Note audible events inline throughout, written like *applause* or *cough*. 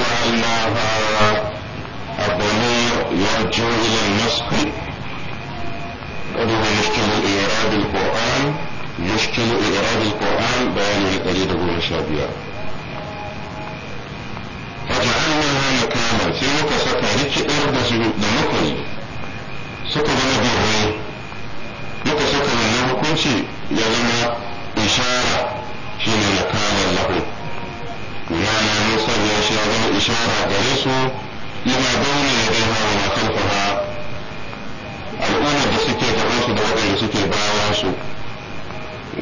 جعلناها الضمير يرجع إلى النصب وهو مشكل إيراد القرآن مشكل إيراد القرآن بيان قليله مشابهة فجعلناها مكانا سيوك سكريك إرد سجود نمكري suka zama birrai muka saka wannan hukunci ya zama ishara shine nakalan lahu yana musa ya shi ya zama ishara gare su lima bauna ya dai hawa ma kalfaha al'ummar da suke gaban su da waɗanda suke bayan su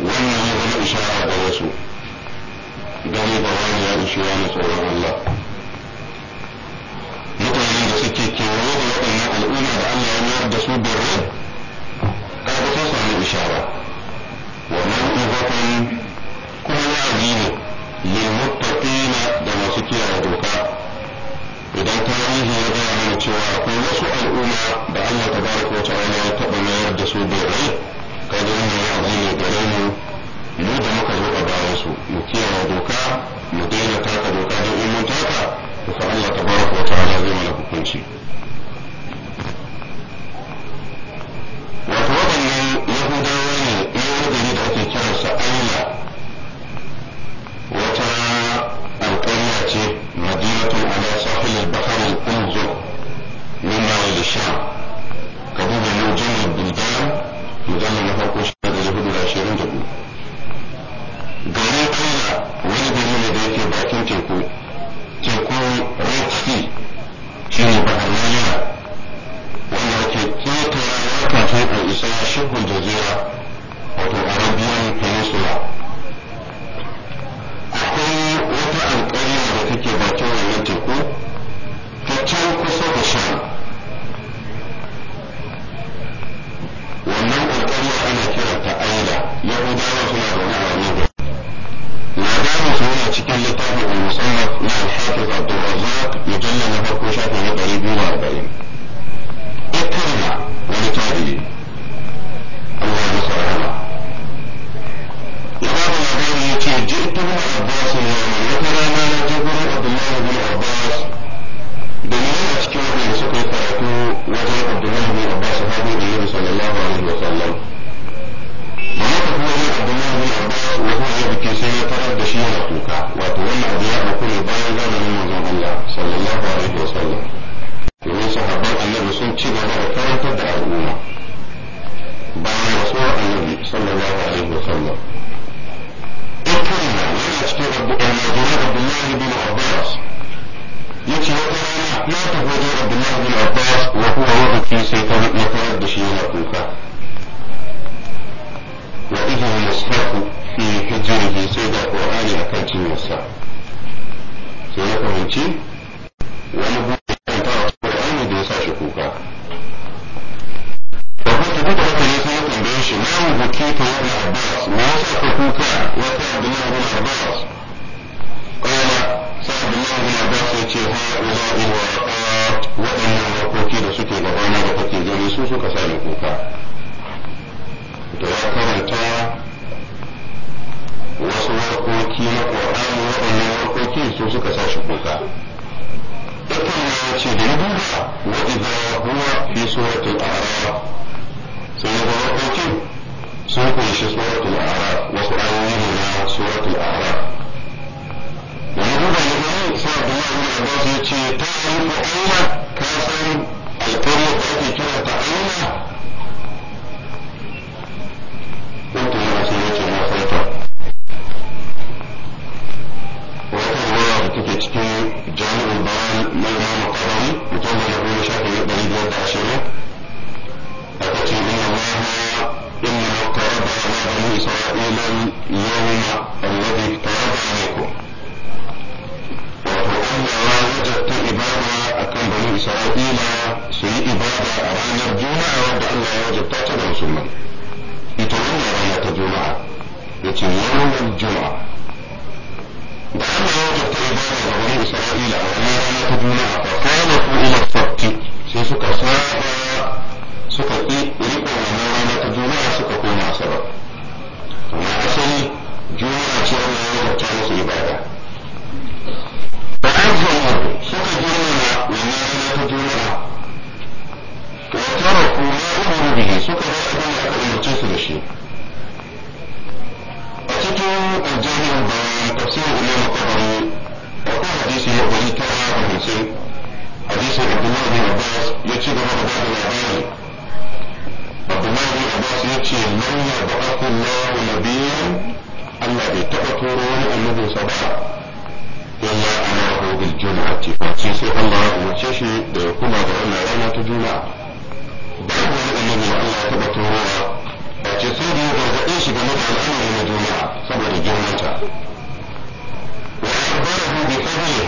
wannan ya zama ishara gare su gani ba wani ya ishi wani tsoron Allah mutanen da suke kewaye da waɗannan al'umma da Allah ya mayar da su birrai kaga sun samu ishara wannan kiyaye doka idan tarihi ya gaya mana cewa akwai wasu al'umma da Allah ta baraka wata wani ya taɓa mayar da su dorai kaga wannan ya abu ne gare mu mu da muka zo a bayan su mu kiyaye doka mu daina taka doka don in mun taka to fa Allah ta baraka wata wani zai mana hukunci. tisa ka duba mujallin bilbam mujallin na farko shi da ya hudu da shirin da biyu garin Allah wani gari ne da yake bakin teku damuwarsa sai ya fahimci wani buɗe kanta a Qur'ani da ya sa shi kuka da kuma duk da ne sai ya shi na mu buke ta wani Abbas me yasa ka kuka wata Abdullahi bin Abbas kana sai Abdullahi bin Abbas ya ce ha ila ila waɗannan harkoki da suke gabana da kake gani su suka sa ni kuka da ya karanta makoki na ƙorani waɗannan harkoki su suka sa shi kuka ɗaukan ya ce da duba wa idza huwa fi suratul a'raf sai ya zama harkokin sun kunshi suratul a'raf wasu ayoyi ne na suratul a'raf da ya duba ya gani sai abdullahi ibn abbas ya ce ta yi ko aina ka san alƙaryar da ake kira ta aina في جامع البيان للإمام الطبري وتوضع له مشاكل يقدر يتوضع عشانه أتت إن الله إنما افترض على بني إسرائيل اليوم الذي افترض عليكم وأنا وجدت إبادة أكون بني إسرائيل سي إبادة رانا الجمعة ود أن وجدت تدعو سمنا يتولى رانا الجمعة يتولى الجمعة da Allah ya wajabta ibada ga bani Isra'ila a wani rana ta juma'a fa kana ku ila fakki sai suka saba suka ki rikon wannan rana ta juma'a suka koma asabar amma asali juma'a ce Allah ya wajabta musu ibada fa'azzamu suka girmama wannan rana ta juma'a da aka da a cikin aljanna تفسير الإمام الطبري أقول حديثي يقولي ترى وخمسين حديث عبد الله بن عباس يتشي بما بعد الأباني عبد الله بن عباس يتشي لن يبعث الله نبيا ألا بتأثرون أنه صباح إلا أمره بالجمعة فسيسي الله وشيشي كما ظهرنا رانا تجمع بعد النبي الله تبترون فسيسي يبعث إيش بمدعى الأمر من الجمعة صبر الجمعة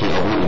su abu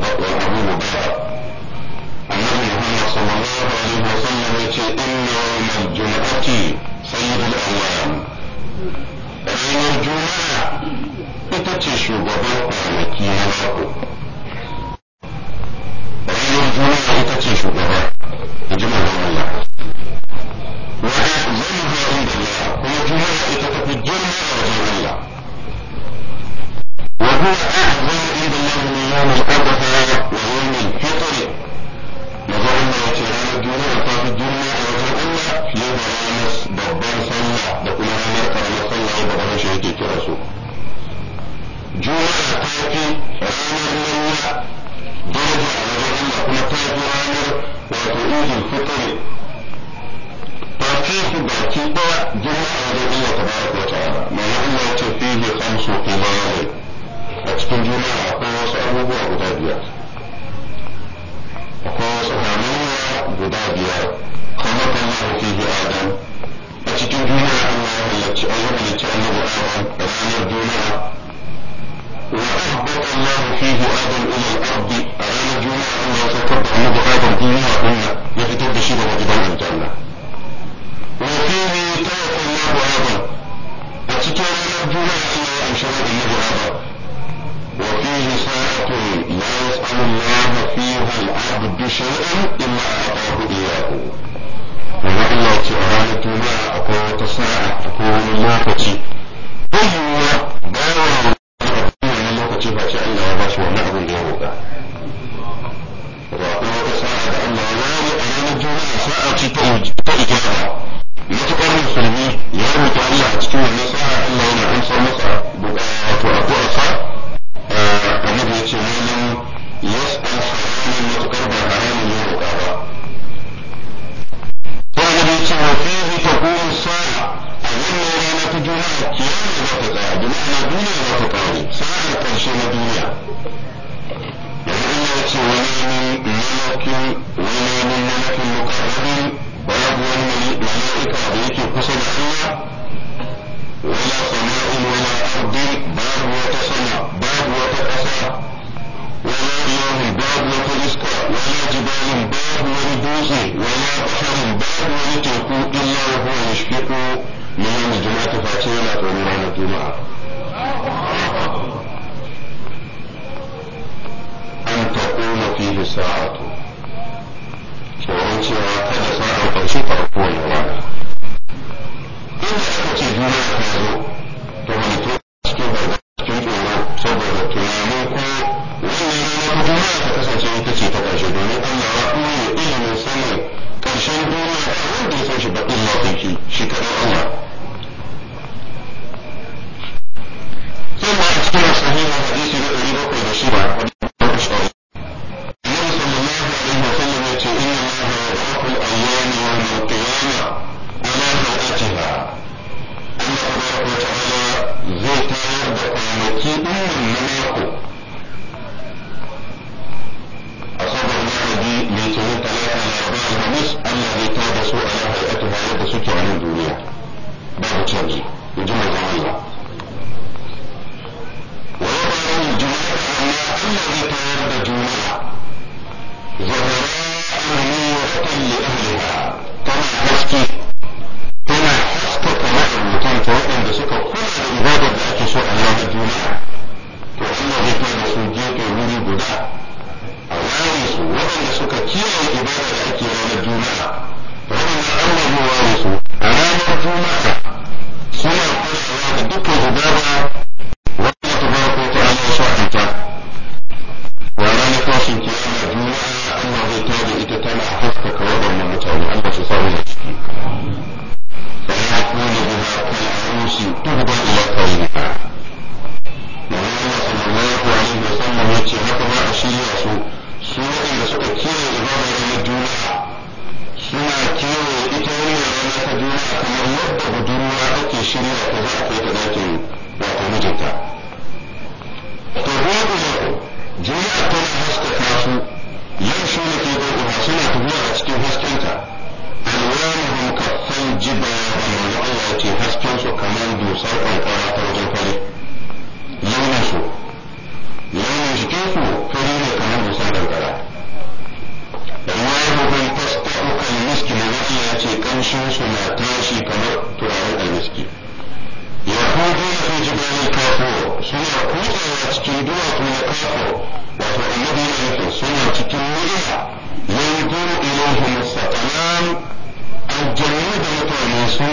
sun gwada idanu suna kallon su ya rufe ko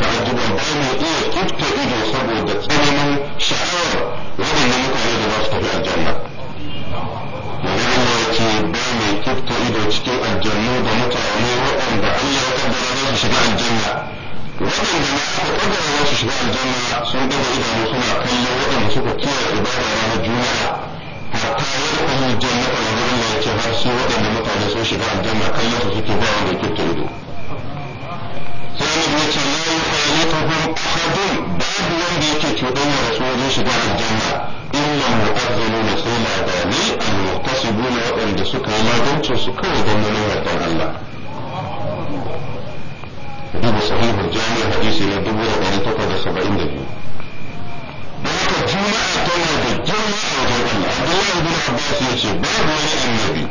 ba mu iya kifta ido saboda tsananin sha'awar waɗannan mutane da ba su tafi aljanna Magana ya ce ba mai kifta ido cikin aljannu da mutane waɗanda Allah ya kaddara za su shiga aljanna waɗanda na aka kaddara za su shiga aljanna sun gwada idanu suna kallon waɗanda suka kiyaye ibada ranar juma'a hatta yadkhulul jannata wa hum la yatahassun waɗanda mutane sun shiga aljanna kallon su suke ba wanda ido sai ne ya ce la yukhalituhum ahadun babu wanda yake cuɗanya da su wajen shiga aljanna illa mu'azzaluna sai ladani al-muqtasibuna waɗanda suka yi ladanci su kawai don neman yardan Allah dubu sahihu jami hadisi na dubu da ɗari takwas da saba'in da biyu da haka juma'a tana da girma a wajen Allah Abdullahi bin Abbas ya ce babu wani annabi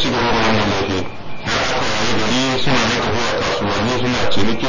ci gaba da wannan laifi har aka wayi gari suna yin abu a kasuwanni suna ciniki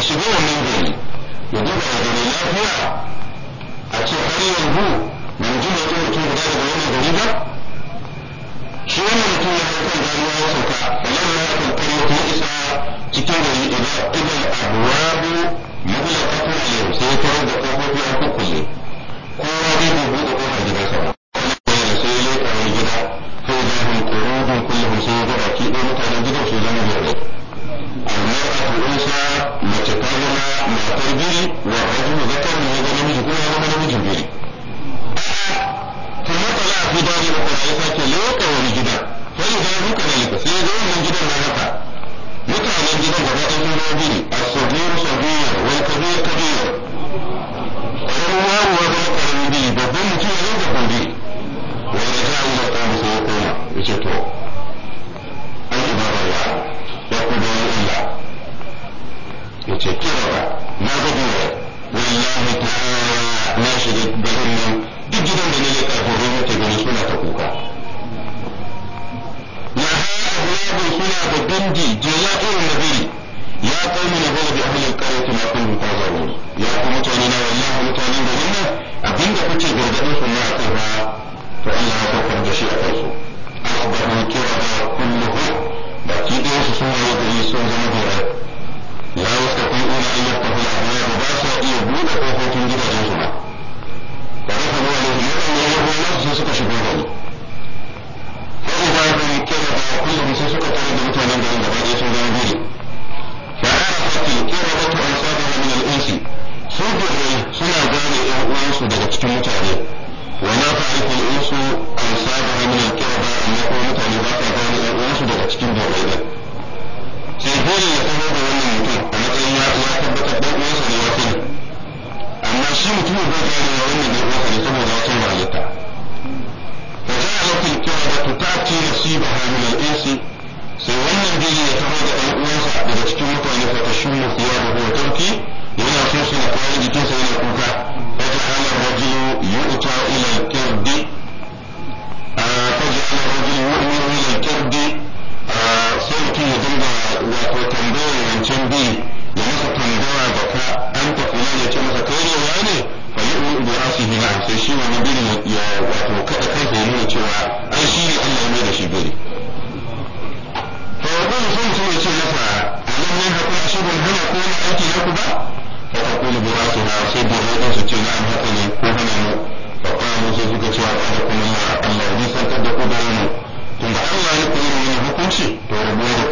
ya shiga wannan gari ya duba ya gari lafiya a ce har yanzu mun ji da wani mutum guda daga wannan gari ba shi wannan mutum ya hau kan gari ya sauka balan ma ya kan kai mutum isa cikin gari idan idan abuwabu mabula kafin alayhi sai ya tarar da kofofi an kukkulle kowa zai dubu da kofar gidansa ba مسترجل وراء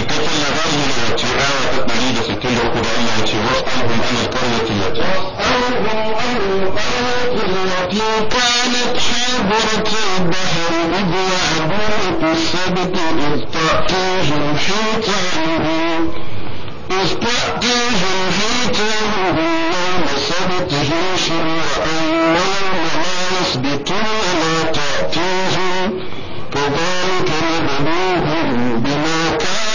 cikakken labarin da wace rawa ta ɗari da sittin da uku da Allah ya ce wasu alhum an alkarwa ke yata. Alhum an alkarwa ke yata na cibiyar ke a duniya ta sabi ta ta jirgi ta ɗari. ta jirgi ta ɗari na masabi ta jirgi wa annan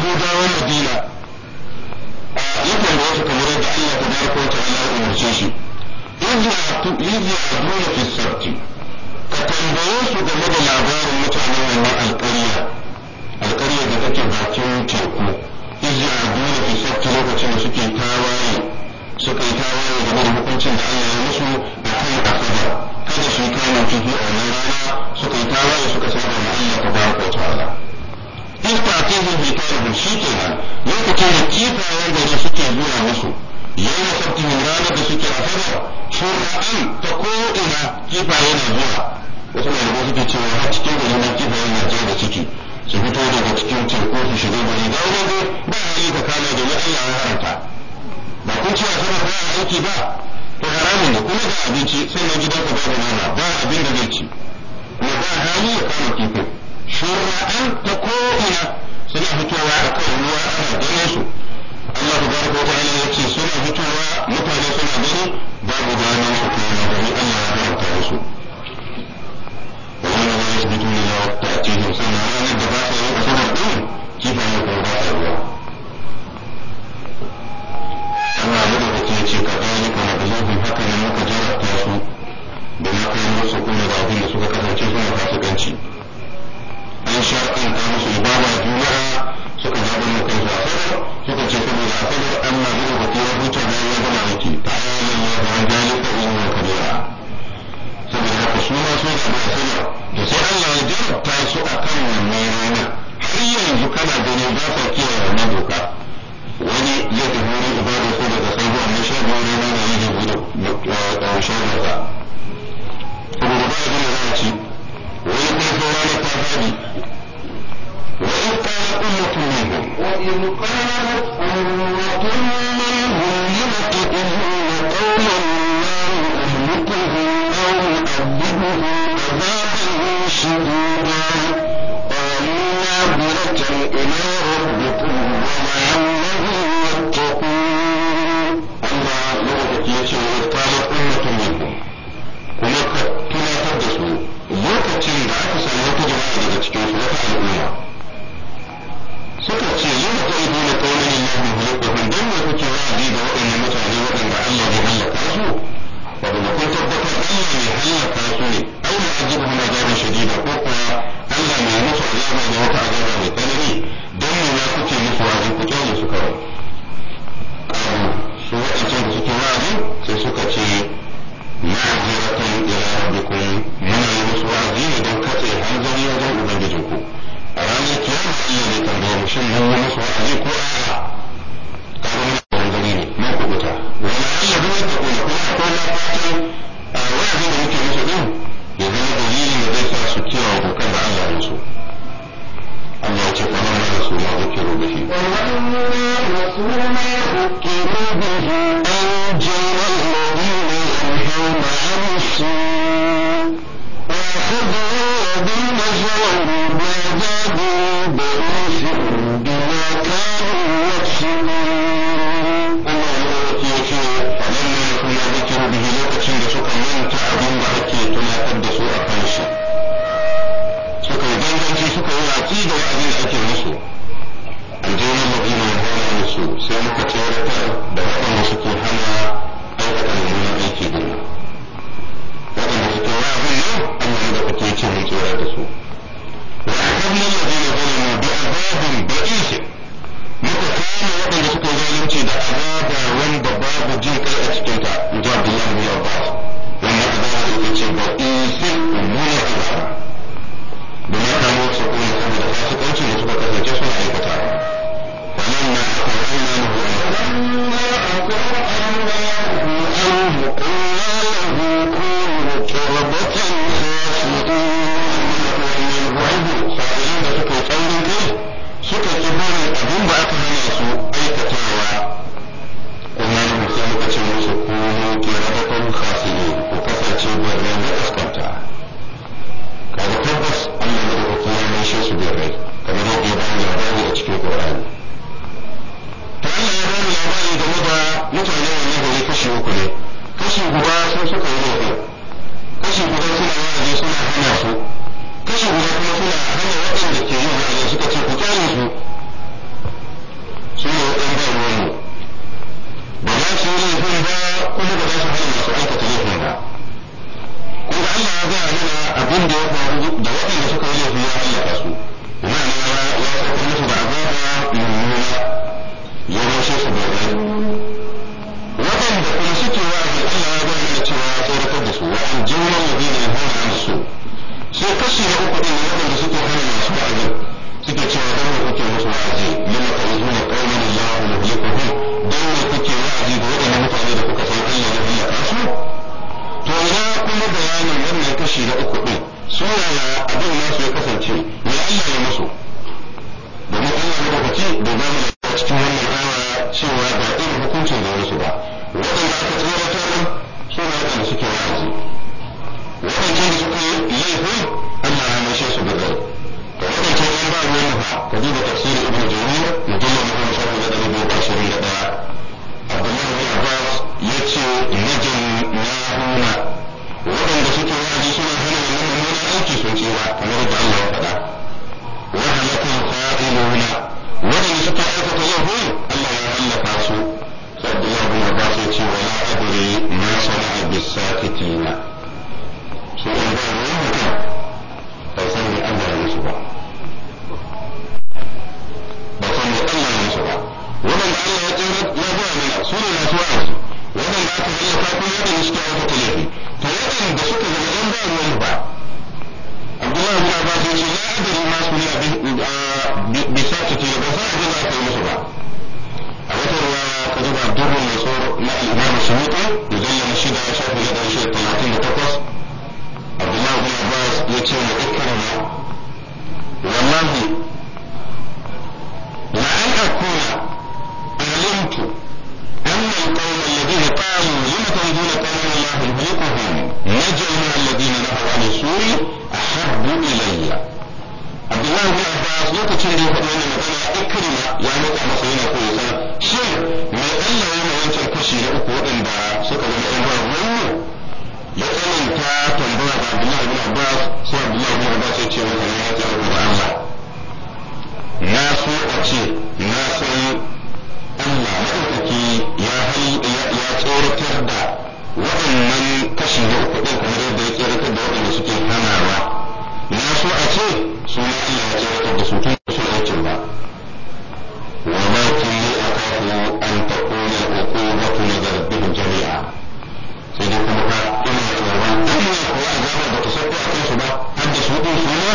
yahudawan madina a yakan da wasu kamar yadda Allah ta baraka wata ala umarce shi izi a duniya fi sarki ka tambaye su game da labarin mutanen wannan alƙarya alƙarya da take bakin teku izi a duniya fi sarki lokacin da suke tawaye suka yi tawaye game da hukuncin da Allah ya musu a kan asaba kada su yi kamun kifi a wannan rana suka yi tawaye suka saba da Allah ta baraka wata ala in fatihun bi tarihun shi kenan lokacin da kifayen gari suke zuwa musu yau da sabti min ranar da suke asabar shura'an ta ko'ina kifaye na zuwa wasu malamai suke cewa a cikin gari na kifaye na da ciki su fito daga cikin teku su shiga gari da wani ba a yi ka kama domin Allah ya haramta ba kun ce asabar ba a aiki ba to haramun da kuma ga abinci sannan gidanka da nama ba abin da zai ci kuma ba hali ya kama kifin shura'an ta ko'ina suna fitowa a kan ruwa ana ganin su Allah ta baraka wa ta'ala ya ce suna fitowa mutane suna gani babu ganin su kuma na gani Allah ya baraka da su wannan ya yi bitu ne ya ta'atihim sannan ranar da ba ta yi a sanar ɗin kifayen ko ba ta ruwa ibn lokacin da ya faɗi wannan magana ikrima ya nuna masa yana ko ya san shin me Allah ya ma wancan kashi na uku waɗanda suka zama ɗan ba ruwan ya tsananta tambaya ga Abdullahi ibn Abbas sai Abdullahi ibn Abbas ya ce masa na ta rubu Allah na so a ce na san Allah maɗaukaki ya ya tsoratar da waɗannan kashi na uku ɗin kamar yadda ya tsoratar da waɗanda suke hanawa na so a ce su ma Allah ya tsayar da su tun da su aikin ba wa ma kulli akafu an taqula al-uqubatu li dhanbihim jami'a sai dai kuma ka ina tsoron Allah ko azaba da ta sauko akan su ba har da su din su ma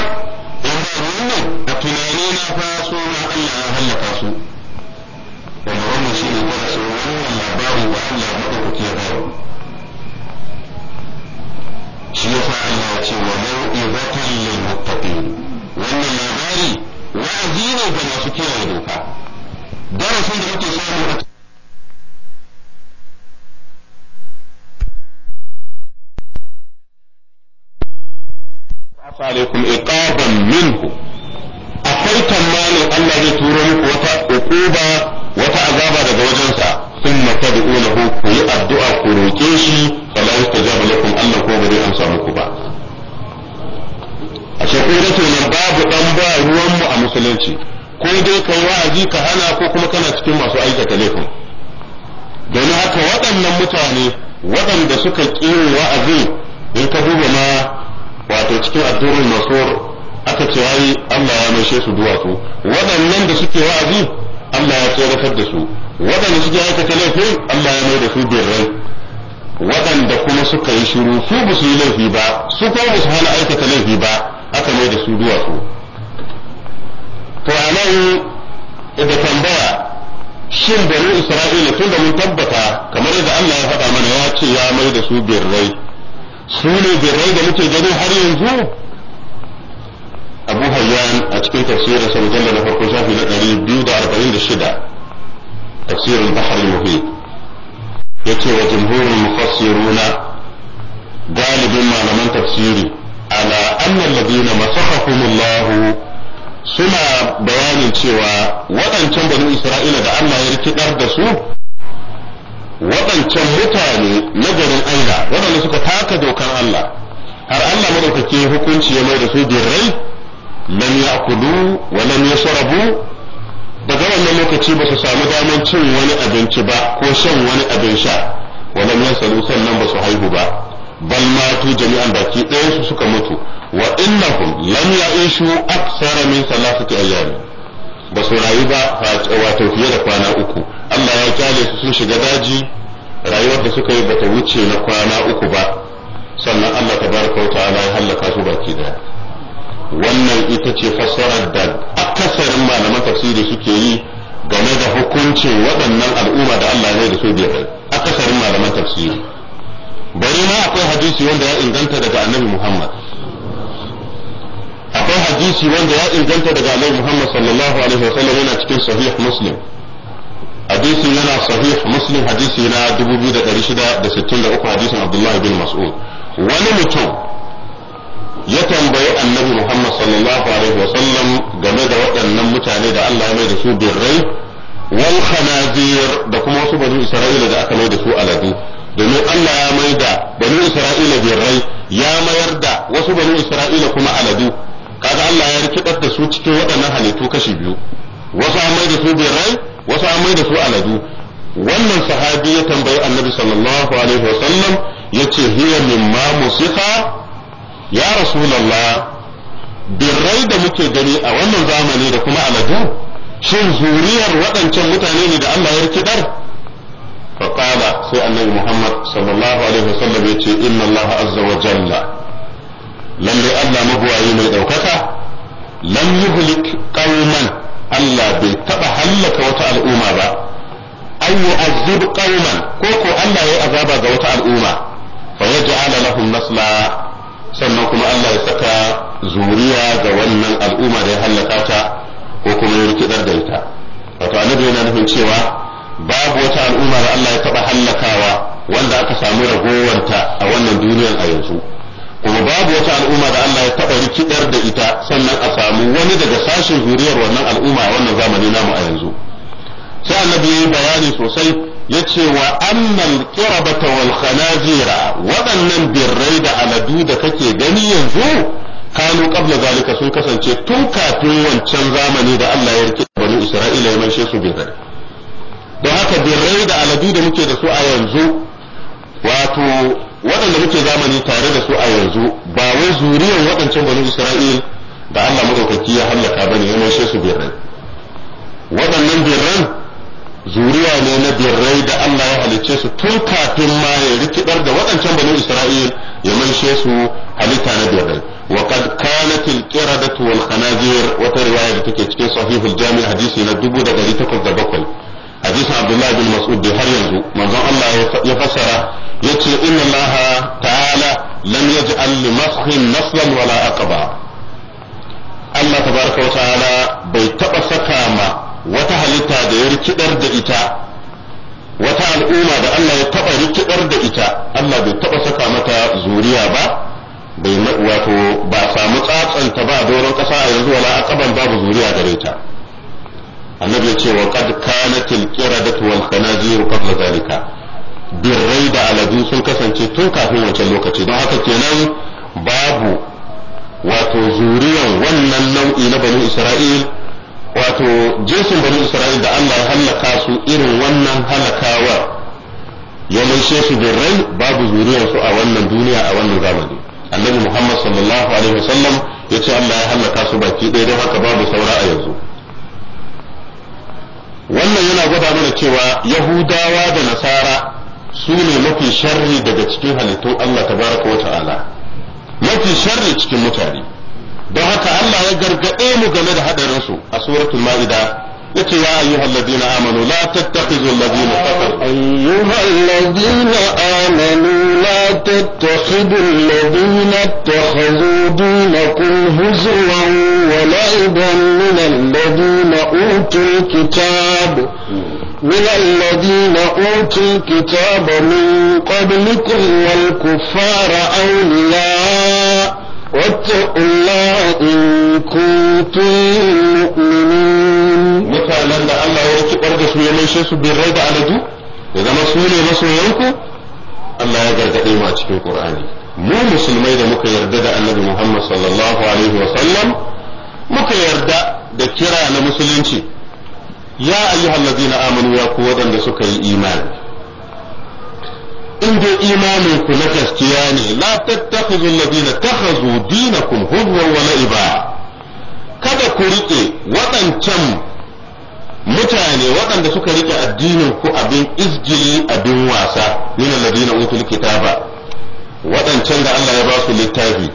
in ba ne a tunani na fa su Allah ya hallaka su alaikum iqaban akwai tamanin Allah zai turo muku wata wata azaba daga wajensa thumma tad'unahu addu'a ku shi fala yastajab ba zai kenan babu dan ba ruwan mu a musulunci ko dai kai wa'azi ka hana ko kuma kana cikin masu aikata laifin domin haka waɗannan mutane waɗanda suka ƙi wa'azin in ka ma wato cikin addurin masur aka ce ai Allah ya maishe su duwatsu waɗannan da suke wa'azi Allah ya tsoratar da su waɗanda suke aikata laifi Allah ya mai da su birrai waɗanda kuma suka yi shiru su ba su yi laifi ba su ko ba su hana aikata laifi ba aka mai da su duwatsu to a nan da tambaya shin bani isra'ila tun da mun tabbata kamar yadda Allah ya faɗa mana ya ce ya mai da su birrai su ne birrai da muke gani har yanzu abu hayyan a cikin tafsirin sa mujalla na farko shafi na ɗari biyu da arba'in da shida tafsirin bahar muhit yace wa jumhurin mufassiruna galibin malaman tafsiri ala annal ladina masakahumullahu suna bayanin cewa waɗancan banu isra'ila da Allah ya rikidar da su waɗancan mutane na garin aina waɗanda suka taka dokar Allah har Allah madaukake hukunci ya mai da su birrai lam kudu wa lam yashrabu daga wannan lokaci ba su samu damar cin wani abinci ba ko shan wani abin sha wa walam yasalu sannan ba su haihu ba bal matu jami'an baki ɗaya su suka mutu wa innahum lam ya'ishu aksara min salasati ayyamin ba su rayu ba wato fiye da kwana uku Allah ya kyale su sun shiga daji rayuwar da suka yi ba ta wuce na kwana uku ba sannan Allah Ta bar wa ta'ala ya hallaka su baki daya wannan ita ce fassarar da akasarin malaman tafsiri suke yi game da hukuncin waɗannan al'umma da Allah ya da su biyar akasarin malaman tafsiri bari ma akwai hadisi wanda ya inganta daga annabi Muhammad akwai hadisi wanda ya inganta daga Annabi Muhammad sallallahu alaihi wasallam yana cikin sahih Muslim hadisi yana sahih Muslim hadisi na 2663 hadisin Abdullah bin Mas'ud wani mutum ya tambayi Annabi Muhammad sallallahu alaihi wasallam game da waɗannan mutane da Allah ya mai da su birrai wal khanazir da kuma wasu banu Isra'ila da aka mai da su aladu domin Allah ya mai da banu Isra'ila birrai ya mayar da wasu banu Isra'ila kuma aladu kaga Allah ya rikidar da su cikin waɗannan halittu kashi biyu wasu an mai da su birrai wasu an mai da su aladu wannan sahabi ya tambayi annabi sallallahu alaihi wasallam yace hiya mimma musifa ya rasulullah birrai da muke gani a wannan zamani da kuma aladu shin zuriyar waɗancan mutane ne da Allah ya rikidar sai annabi muhammad sallallahu alaihi wasallam yace inna Allah azza wa jalla lalle Allah mabuwayi mai ɗaukaka lam yuhlik qauman Allah bai taba hallaka wata al'umma ba an yu'azzib qauman ko ko Allah yayi azaba ga wata al'umma fa yaj'ala lahum nasla sannan kuma Allah ya saka zuriya ga wannan al'umma da ya hallaka ta ko kuma ya rikidar da ita wato annabi yana nufin cewa babu wata al'umma da Allah ya taba hallakawa wanda aka samu ragowarta a wannan duniyar a yanzu kuma babu wata al'umma da Allah ya taɓa rikidar da ita sannan a samu wani daga sashen zuriyar wannan al'umma a wannan zamani namu a yanzu sai annabi ya yi bayani sosai ya ce wa annal qirabata wal khanazira waɗannan birrai da aladu da kake gani yanzu kanu qabla zalika sun kasance tun kafin wancan zamani da Allah ya rikida bani Isra'ila ya maishe su birrai don haka birrai da aladu da muke da su a yanzu wato waɗanda muke zamani tare da su a yanzu ba wai zuriyar waɗancan banu isra'il da Allah madaukaki ya hallaka bane ya maishe su birrai waɗannan birran zuriya ne na birrai da Allah ya halicce su tun kafin ma ya rikidar da waɗancan banu Isra'il ya maishe su halitta na birrai wa qad kanat al qiradatu wal khanazir wata riwaya da take cikin sahihul jami' hadisi na 1807 hadisin abdullahi bin mas'ud har yanzu manzon Allah ya fassara yace inna Allah ta'ala lam yaj'al li mashin naslan wala ba. Allah tabaraka wa ta'ala bai taba saka ma wata halitta da ya rikidar da ita wata al'umma da Allah ya taba rikidar da ita Allah bai taba saka mata zuriya ba bai wato ba samu tsatsanta ba doron kasa a yanzu wala aqaban babu zuriya gare ta annabi ya ce wa kad kanat al-qiradatu wal khanazir qabla zalika birrai da aladu sun kasance tun kafin wancan lokaci don haka kenan babu wato zuriyan wannan nau'i na banu isra'il wato jinsin banu isra'il da Allah ya halaka su irin wannan halakawa ya maishe su birrai babu zuriyan su a wannan duniya a wannan zamani annabi muhammad sallallahu alaihi wasallam ya ce Allah ya halaka su baki ɗaya don haka babu saura a yanzu wannan yana gwada mana cewa yahudawa da nasara su ne mafi sharri daga cikin halittun Allah tabaraka wa ta'ala mafi sharri cikin mutane don haka Allah ya gargaɗe mu game da haɗarinsu a suratun ma'ida لك يا أيها الذين آمنوا لا تتخذوا الذين كفروا أيها الذين آمنوا لا تتخذوا الذين اتخذوا دينكم هزوا ولعبا من الذين أوتوا الكتاب من الذين أوتوا الكتاب من قبلكم والكفار أولياء واتقوا الله إن كنتم مؤمنين مثلا أن الله يتقر بسم يمين شيس بالرد على دو إذا ما سولي ما سوليكم الله يقرد إيما تكون قرآني mu musulmai da muka yarda da annabi Muhammad sallallahu alaihi wa sallam muka yarda da kira na musulunci ya ayyuhallazina amanu ya ku waɗanda suka yi imani in dai imanin ku na gaskiya ne la tattakhidhu alladhina takhazu kada ku riƙe waɗancan mutane waɗanda suka rike addinin ku abin izjili abin wasa min alladhina utul kitaba waɗancan da Allah ya ba su littafi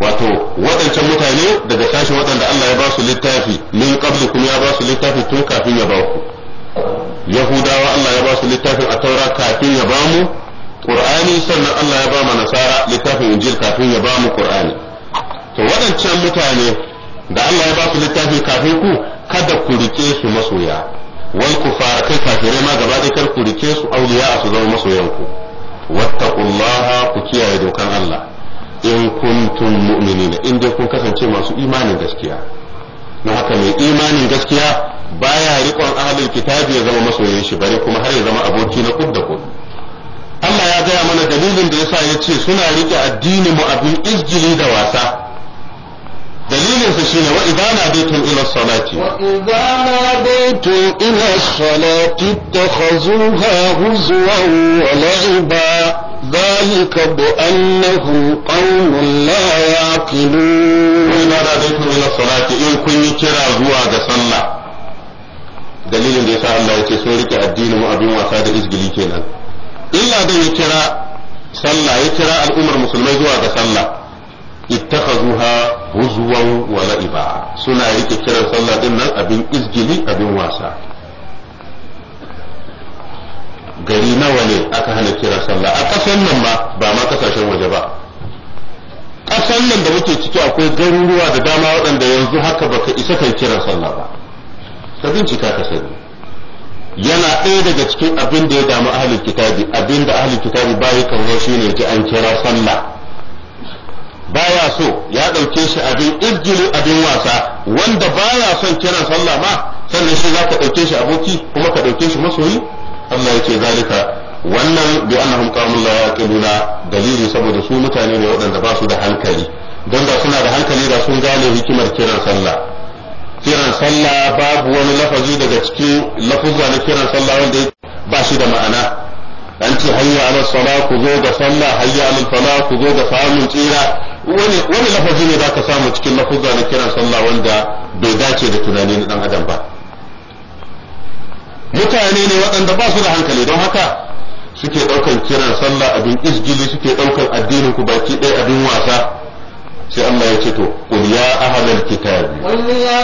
wato waɗancan mutane daga sashen waɗanda Allah ya ba su littafi min qablikum ya ba su littafi tun kafin ya ba ku yahudawa Allah ya ba su littafin a taura kafin ya ba mu ƙur'ani sannan Allah ya ba mu nasara littafin injil kafin ya ba mu ƙur'ani to waɗancan mutane da Allah ya ba su littafi kafin ku kada ku rike su masoya ku fara kai kafirai ma gaba ɗaya kar ku rike su auliya su zama masoyan ku wattaqullaha ku kiyaye dokan Allah in kuntum mu'minina in dai kun kasance masu imanin gaskiya na haka mai imanin gaskiya baya riƙon ahlul kitabi ya zama masoyin shi bare kuma har ya zama aboki na kud da Allah ya gaya mana dalilin da yasa ya ce suna riƙe addini mu abin izgili da wasa dalilin sa shine wa idza da ila salati wa idza nadaytum ila salati takhuzuha huzwan wa la'iba ذلك بأنهم قوم لا يعقلون وإذا ناديتم إلى الصلاة إن kira zuwa ga Sallah. dalilin da ya sa Allah ya ce sun rike addinin mu abin wasa da izgili kenan illa da ya kira sallah ya kira al'ummar musulmai zuwa ga sallah ittakhazuha huzwan wa la'iba suna rike kiran sallah din nan abin izgili abin wasa gari nawa ne aka hana kira sallah a kasan nan ma ba ma kasashen waje ba kasan nan da muke ciki akwai garuruwa da dama waɗanda yanzu haka baka isa kai kiran sallah ba ka bincika ka sani yana ɗaya daga cikin abin da ya damu ahalin kitabi abin da ahalin kitabi bayi kawo shi ne ji an kira sallah baya so ya ɗauke shi abin abin wasa wanda baya son kiran sallah ma sannan shi za ka ɗauke shi aboki kuma ka ɗauke shi masoyi Allah ya ce zalika wannan bi annahum qawmun la yaqiluna dalili saboda su mutane ne waɗanda ba su da hankali don da suna da hankali da sun gane hikimar kiran sallah kiran sallah babu wani lafazi daga cikin lafuzza na kiran sallah wanda ba shi da ma'ana an ce hayya ala sala ku zo ga sallah hayya ala sala ku zo ga samun tsira wani wani lafazi ne zaka samu cikin lafuzza na kiran sallah wanda bai dace da tunani na dan adam ba mutane ne waɗanda ba su da hankali don haka suke ɗaukan kiran sallah abin izgili suke ɗaukan addinin ku baki ɗaya abin wasa sai Allah ya ce to qul ya ahlal kitab qul ya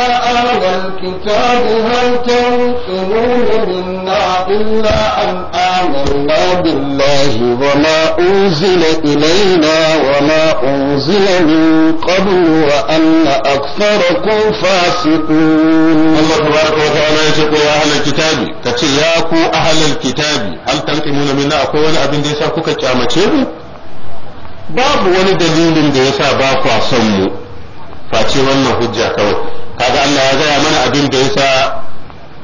ahlal kitab hal tanquluna minna illa an amanna billahi wa ma unzila ilayna wa ma unzila min qabl wa anna aktharakum fasiqun Allah tabaraka wa ta'ala ya ce qul ya ahlal kitab kace ya ku ahlal kitab hal tanquluna minna akwai wani abin da yasa kuka kyamace mu babu wani dalilin da sa ba kwa son mu face wannan hujja kawai kaga Allah ya gaya mana abin da yasa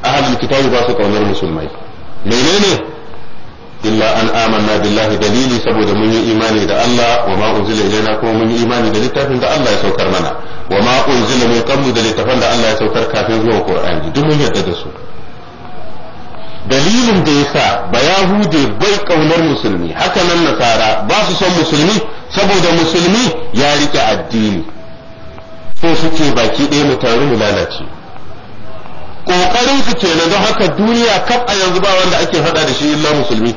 ahlul kitabi ba su kaunar musulmai menene illa an amanna billahi dalili saboda mun yi imani da Allah wa ma unzila ilaina kuma mun yi imani da littafin da Allah ya saukar mana wa ma unzila min qablu da littafin da Allah ya saukar kafin zuwa Qur'ani duk mun yarda da su dalilin da ya sa ba hude bai kaunar musulmi haka nan nasara ba su son musulmi saboda musulmi ya rike addini so suke baki ɗaya mu taru mu lalace ƙoƙarin su kenan don haka duniya kaf a yanzu ba wanda ake faɗa da shi illa musulmi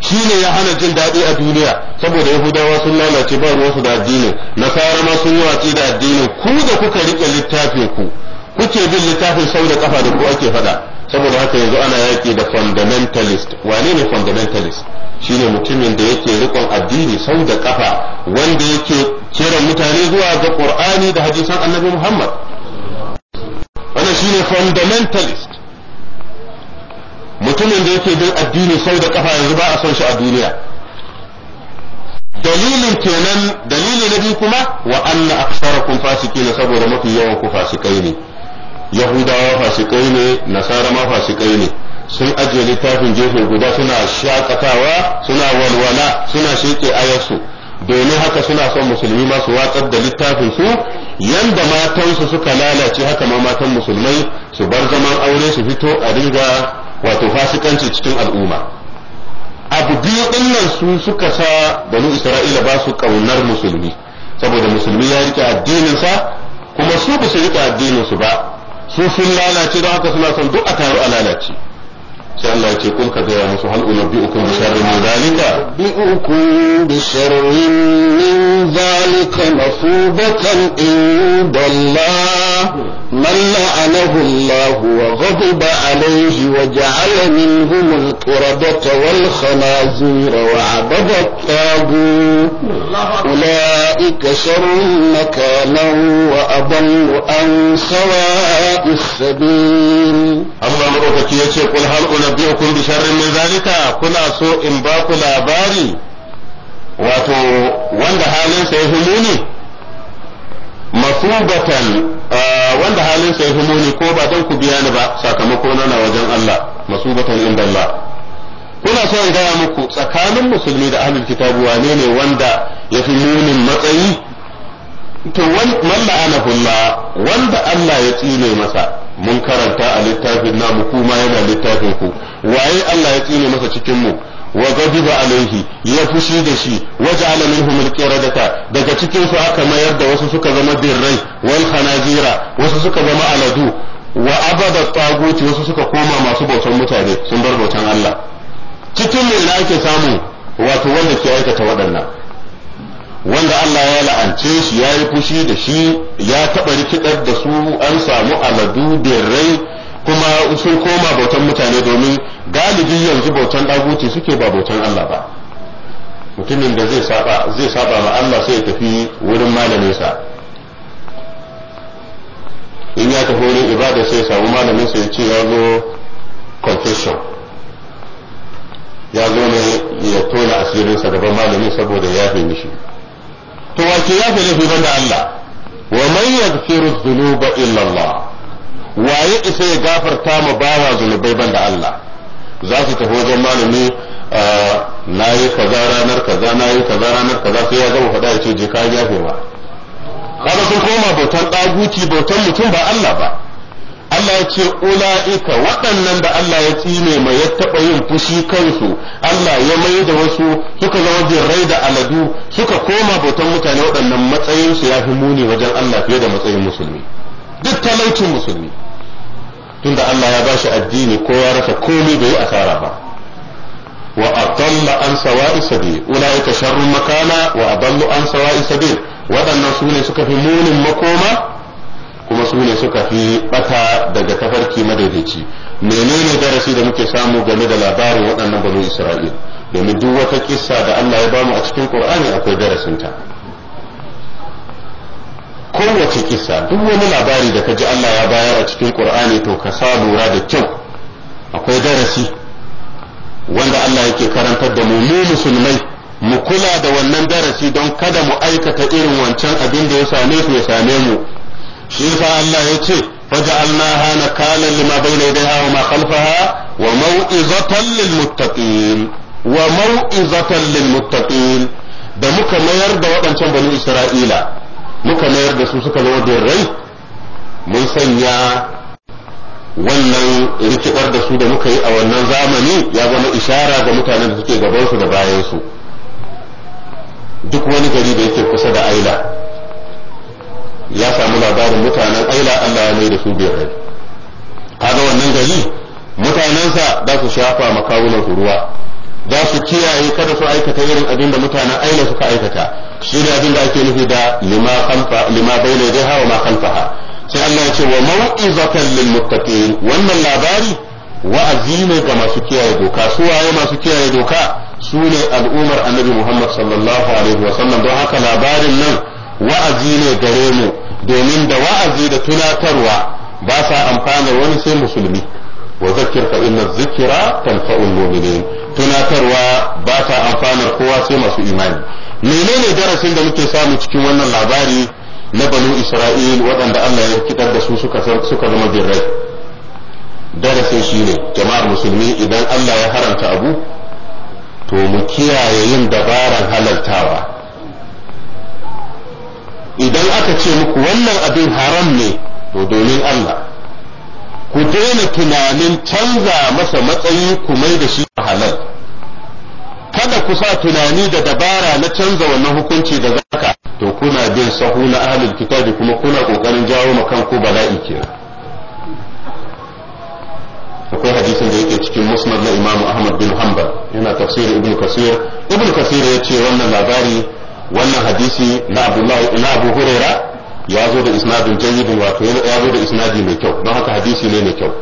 shi ne ya hana jin daɗi a duniya saboda yahudawa sun lalace ba ruwansu da addini nasara ma sun yi watsi da addini ku da kuka rike littafin ku kuke bin littafin sau da kafa da ku ake faɗa saboda haka yanzu ana yaƙi da fundamentalist wane ne fundamentalist shine mutumin da yake rikon addini sau da kafa wanda yake kiran mutane zuwa ga qur'ani da hadisan annabi muhammad wannan shine fundamentalist mutumin da yake bin addini sau da kafa yanzu ba a son shi a duniya dalilin kenan dalili na biyu kuma wa anna aktsarakum fasiqina saboda mafi yawan ku fasikai ne yahudawa fasikai ne nasara ma fasikai ne sun ajiye littafin jefe guda suna shakatawa suna walwala suna shike ayarsu domin haka suna son musulmi masu watsar da littafin su yanda matansu suka lalace haka ma matan musulmai su bar zaman aure su fito a dinga wato fasikanci cikin al'umma abu biyu dinnan su suka sa banu isra'ila ba su kaunar musulmi saboda musulmi ya rike addinin sa kuma su ba su rike su ba sun sun lalace don haka suna son duk a taru a lalace sai Allah ya ce kun ka gaya musu hal unabbi'ukum bi sharrin min zalika bi'ukum bi sharrin min zalika mafubatan inda Allah man la'anahu Allah wa ghadiba alayhi wa ja'ala minhum al-quradata wal khanazira wa 'abada at-tagut ulaika sharrun makanan wa adallu an sawa'i as-sabil Allah madaukaki yace kul hal unabbi'ukum bi sharrin min zalika kuna so in ba ku labari wato wanda halinsa ya humuni masubatan ah, wanda halinsa ya humuni ko ba dan ku biya ni ba sakamako na wajen Allah masubatan inda Allah kuna so in gaya muku tsakanin musulmi da ahlul kitabu wane ne wanda ya fi munin matsayi to wanda Allah ya tsine masa mun karanta a littafin namu kuma yana littafin ku waye Allah ya tsine masa cikin mu wa gadiba alaihi ya fushi da shi ja'ala minhum alqiradata daga cikin su aka mayar da wasu suka zama birrai wal khanajira wasu suka zama aladu wa abada taguti wasu suka koma masu bautan mutane sun bar bautan Allah cikin me ake samu wato wanda ke aikata waɗannan wanda Allah ya la'ance shi ya yi fushi da shi ya taɓa rikidar da su an samu aladu birrai kuma sun koma bautan mutane domin galibi yanzu bautan dagoci suke ba bautan Allah ba mutumin da zai saba zai saba ma Allah sai ya tafi wurin sa in ya tafi wurin ibada sai ya samu sa ya ce ya zo confession ya zo ne ya tona asirinsa gaban malami saboda ya fi mishi to wake ya fi laifi da Allah wa man yaghfiru dhunuba illa Allah waye isa ya gafarta ma bawa zunubai banda Allah za su tafi wajen malami ah, na yi kaza ranar kaza na yi kaza ranar kaza sai ya gama faɗa ya ce je ka yafe ba kaga sun koma bautan ɗaguci bautan mutum ba Allah ba Allah ya ce ula'ika waɗannan da Allah ya tsine mai ya taɓa yin fushi kansu Allah ya mai da wasu suka zama birrai da aladu suka koma bautan mutane waɗannan matsayinsu ya fi muni wajen Allah fiye da matsayin musulmi duk talaucin musulmi tunda Allah ya ba shi addini ko ya rasa komai bai yi asara ba wa adalla an sawa'i sabil ula'ika sharrun makana wa adallu an sawa'i sabil waɗannan su ne suka fi munin makoma kuma su ne suka fi bata daga tafarki madaidaici menene darasi da muke samu game da labarin waɗannan banu isra'il domin duk wata kissa da Allah ya bamu a cikin Qur'ani akwai darasinta kowace kissa duk wani labari da ka ji Allah ya bayar a cikin Qur'ani to ka sa lura da kyau akwai darasi wanda Allah yake karantar da mu mu musulmai mu kula da wannan darasi don kada mu aikata irin wancan abin da ya same su ya same mu shi fa Allah ya ce waja'alnaha nakalan lima bayna yadayha wa ma khalfaha wa mau'izatan lil muttaqin wa mau'izatan lil muttaqin da muka mayar da waɗancan banu Isra'ila muka mayar da su suka zama rai mun sanya wannan rikibar da su da muka yi a wannan zamani ya zama ishara ga mutanen da suke gabansu da bayansu duk wani gari da yake kusa da aila ya samu labarin mutanen aila Allah ya mai da su birai kaga wannan gari mutanensa za su shafa makawunan ruwa za su kiyaye kada su aikata irin abin da mutanen aila suka aikata shi ne abin da ake nufi da lima khalfa lima bayna yadayha ma khalfaha sai Allah ya ce wa mau'izatan lil muttaqin wannan labari wa'azi ne ga masu kiyaye doka su waye masu kiyaye doka su ne al'ummar annabi Muhammad sallallahu alaihi wa sallam don haka labarin nan wa'azi ne gare mu domin da wa'azi da tunatarwa ba sa amfana wani sai musulmi wa zakir fa inna zikira tanfa'ul mu'minin tunatarwa ba ta amfanar kowa sai masu imani menene darasin da muke samu cikin wannan labari na banu isra'il waɗanda Allah ya kitar da su suka zama birrai darasin shi ne jama'ar musulmi idan Allah ya haranta abu to mu kiyaye yin dabaran halaltawa idan aka ce muku wannan abin haram ne to domin Allah ku daina tunanin canza masa matsayi ku mai da shi halal kada ku sa tunani da dabara na canza wannan hukunci da zaka to kuna bin sahu na ahlul kitabi kuma kuna kokarin jawo makan ku bala'i ke. akwai hadisin da yake cikin musnad na Imam Ahmad bin Hanbal yana tafsirin Ibn Kasir Ibn Kasir ya ce wannan labari wannan hadisi na abdullahi na abu huraira ya zo da isnadin jayyidin wato ya zo da isnadi mai kyau don haka hadisi ne mai kyau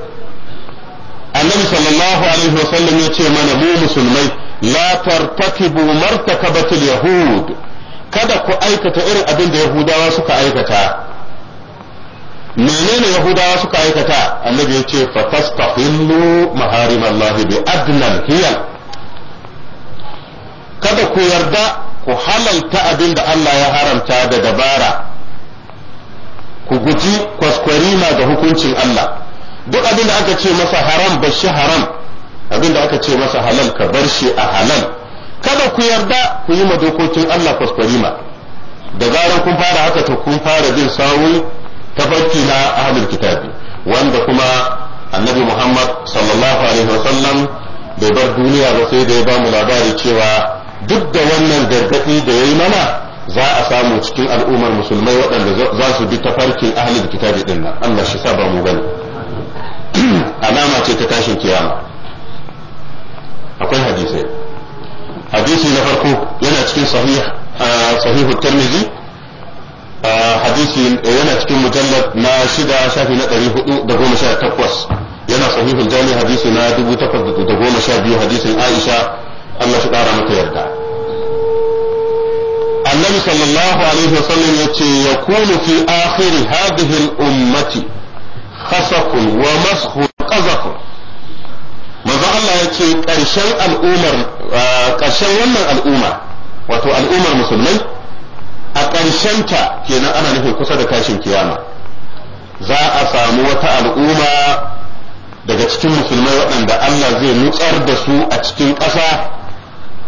annabi sallallahu alaihi wa sallam ya ce mana mu musulmai la tartakibu martakabatil yahud kada ku aikata irin abin da yahudawa suka aikata menene yahudawa suka aikata annabi ya ce maharim maharimallahi bi adnal hiya kada ku yarda ku halalta abin da Allah ya haramta da dabara ku guji kwaskwarima ga hukuncin Allah duk abin da aka ce masa haram ba shi haram abin da aka ce masa halal ka bar shi a halal kada ku yarda ku yi ma dokokin Allah kwaskwarima da zarar kun fara haka to kun fara bin sawu tafarki na ahlul kitabi wanda kuma annabi Muhammad sallallahu alaihi wasallam bai bar duniya ba sai da ya ba mu labari cewa duk da wannan gargaɗi da ya yi mana za a samu cikin al'ummar musulmai waɗanda za su bi tafarkin ahalin kitabi ɗin nan Allah shi sa ba mu gani. *clears throat* alama ce ta tashin kiyama akwai hadisai hadisi na farko yana cikin sahih sahihu tirmidhi hadisi eh, yana cikin mujallad na shida shafi na ɗari hudu da goma sha takwas yana sahihul jami hadisi na dubu takwas da goma sha biyu hadisin aisha Allah shi ƙara mata yarda annabi sallallahu alaihi wa sallam ya ce ya kunu fi akhiri hadhihi al-ummati khasakun wa mashu qazakun manzo Allah ya ce ƙarshen al'ummar ƙarshen ah, wannan al'umma wato al'ummar musulmai a ƙarshen ta kenan ana nufin kusa da kashin kiyama za a samu wata al'umma daga cikin musulmai waɗanda Allah zai nutsar da su a cikin ƙasa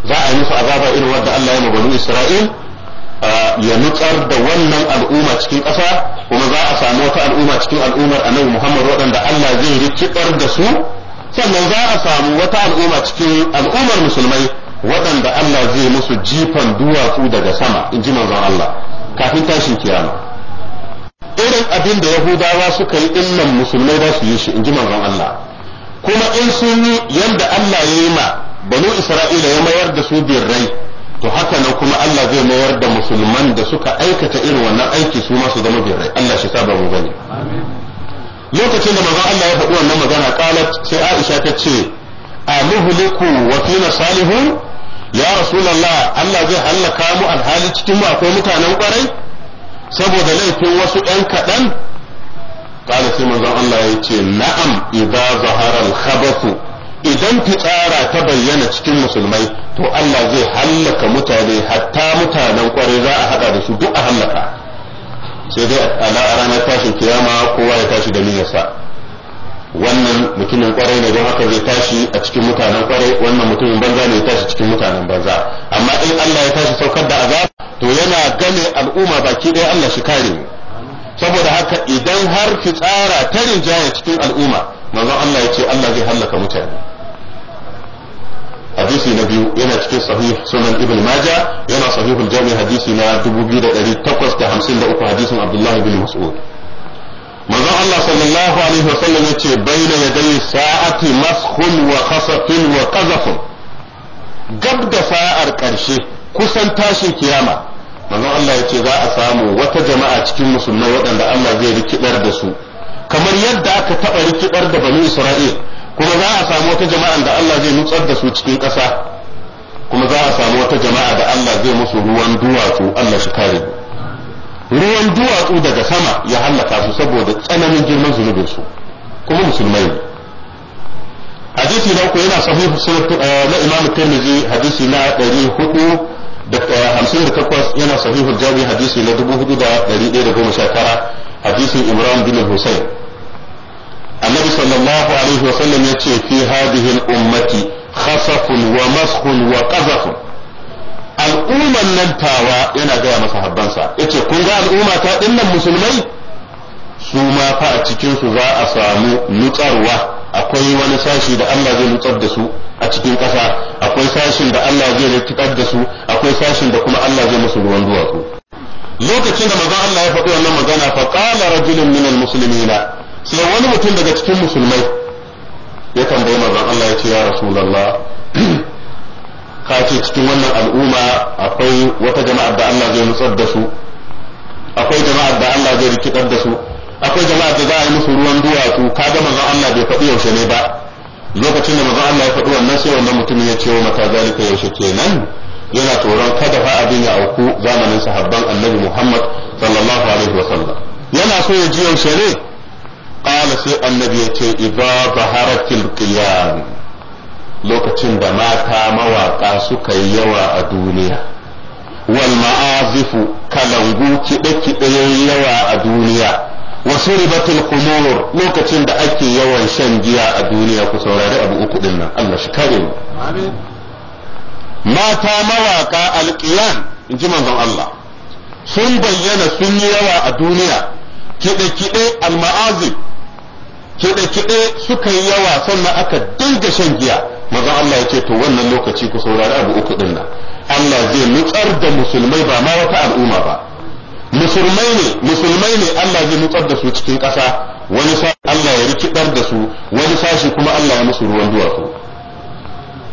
za a yi musu azaba irin wadda Allah ya bani Isra'il ya nutsar da wannan al'umma cikin ƙasa kuma za a samu wata al'umma cikin al'ummar annabi Muhammad waɗanda Allah zai rikidar da su sannan za a samu wata al'umma cikin al'ummar musulmai waɗanda Allah zai musu jifan duwatsu daga sama in ji manzon Allah kafin tashin kiyama irin abin da Yahudawa suka yi innan musulmai za su yi shi in ji manzon Allah kuma in sun yi yanda Allah ya yi ma banu isra'ila ya mayar da su birrai to haka nan kuma Allah zai mayar da musulman da suka aikata irin wannan aiki su ma su zama birrai Allah shi saba mu bane lokacin da manzon Allah ya faɗi wannan magana qalat sai Aisha ta ce a muhliku wa fina salihun ya rasulullah Allah zai halaka mu alhali cikin mu akwai mutanen kwarai saboda laifin wasu ɗan kaɗan قال سيما الله يتي نعم إذا ظهر الخبث idan fitsara ta bayyana cikin musulmai to Allah zai hallaka mutane hatta mutanen kwarai za a hada da su duk a hallaka sai dai a ranar tashin kiyama kowa ya tashi da niyyarsa wannan mutumin kwarai ne don haka zai tashi a cikin mutanen kwarai wannan mutumin banza ne ya tashi cikin mutanen banza amma in Allah ya tashi saukar da azab to yana gane al'umma baki ɗaya Allah shi kare mu saboda haka idan har fitsara ta rinjaya cikin al'umma manzon Allah ya ce Allah zai hallaka mutane hadisi na biyu yana cikin sahih sunan ibn maja yana sahih al-jami hadisi na 2853 hadisin abdullahi bin mas'ud manzo Allah sallallahu alaihi ya yace baina yadayi sa'ati maskhun wa khasatun wa qazafun gab da sa'ar ƙarshe kusan tashin kiyama manzo Allah ce za a samu wata jama'a cikin musulmai waɗanda Allah zai rikidar da su kamar yadda aka taɓa rikidar da bani Isra'il kuma za a samu wata jama'a da Allah zai nutsar da su cikin ƙasa kuma za a samu wata jama'a da Allah zai musu ruwan duwatsu Allah shi kare ruwan duwatsu daga sama ya hallaka su saboda tsananin girman zunubin su kuma musulmai ne hadisi na uku yana sahihu eh, na imamu tirmidhi hadisi na 458 eh, yana sahihu jami hadisi na 4119 hadisin imran bin husayn annabi sallallahu alaihi wasallam ya ce fi hadhihi ummati khasafun wa mashun wa qazafun al'umman nan tawa yana gaya masa habbansa yace kun ga al'umma ta dinnan musulmai su ma fa a cikin su za a samu nutsarwa akwai wani sashi da Allah zai nutsar da su a cikin ƙasa akwai sashin da Allah zai rikitar da su akwai sashin da kuma Allah zai musu ruwan su. lokacin da manzon Allah ya faɗi wannan magana fa qala rajulun minal muslimina sai wani mutum daga cikin musulmai ya tambayi manzon Allah ya ce ya rasulullah *clears throat* ka ce cikin wannan al'umma akwai wata jama'ar da Allah zai nutsar da su akwai jama'ar da Allah zai rikidar da su akwai jama'ar da za a yi musu ruwan duwatsu ka ga manzon Allah bai faɗi yaushe ne ba lokacin da manzon Allah ya faɗi wannan sai wannan mutumin ya ce wa mata zalika yaushe kenan yana tsoron kada fa abin ya auku zamanin sahabban annabi Muhammad sallallahu alaihi wasallam yana so ya ji yaushe ne qala sai annabi ya ce idza zaharatil qiyam lokacin da mata mawaƙa suka yi yawa a duniya wal kalangu kiɗe-kiɗe yawa a duniya wasu ribatul kumur lokacin da ake yawan shan giya a duniya ku saurari abu uku nan Allah shi kare mu mata mawaka alqiyan in ji manzon Allah sun bayyana sun yi yawa a duniya kiɗe-kiɗe al-ma'azib kiɗe-kiɗe suka yi yawa sannan aka dinga shan giya maza Allah ya ce to wannan lokaci ku saurari abu uku din nan Allah zai nutsar da musulmai ba ma wata al'umma ba musulmai ne musulmai ne Allah zai nutsar da su cikin ƙasa wani sa Allah ya rikidar da su wani sashi kuma Allah ya musu ruwan duwatsu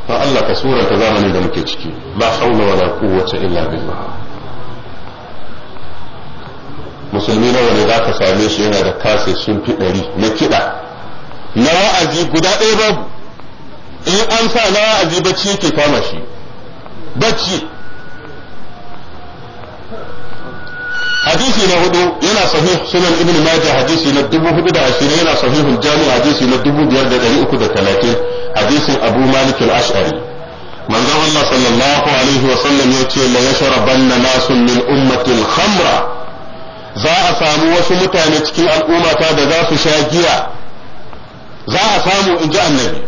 fa Allah ka suranta zamanin da muke ciki la haula wala quwwata illa billah musulmi nawa ne za ka same shi yana da kase sun fi ɗari na kiɗa na wa'azi guda ɗaya babu in an sa na wa'azi bacci yake kama shi bacci hadisi na hudu yana sahih sunan ibn majah hadisi na dubu hudu da ashirin yana sahihun jami hadisi na dubu biyar da dari uku da talatin hadisin abu malik al-ash'ari manzon Allah sallallahu alaihi wa sallam ya ce la yashrabanna nasun min ummati al-khamra za a samu wasu mutane cikin al'ummata da za su sha giya za a samu in ji annabi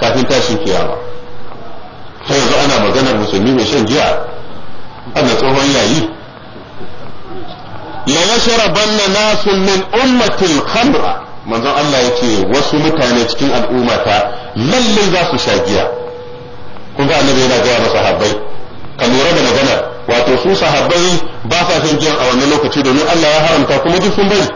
kafin tashin kiyama ta yanzu ana maganar musulmi mai shan giya ana tsohon yayi la na nasun min ummatin khamra manzon Allah ya ce wasu mutane cikin al'ummata lallai za su sha giya kun ga annabi yana gaya masa habbai ka lura da maganar wato su sahabbai ba sa son a wannan lokaci domin Allah ya haramta kuma duk sun bari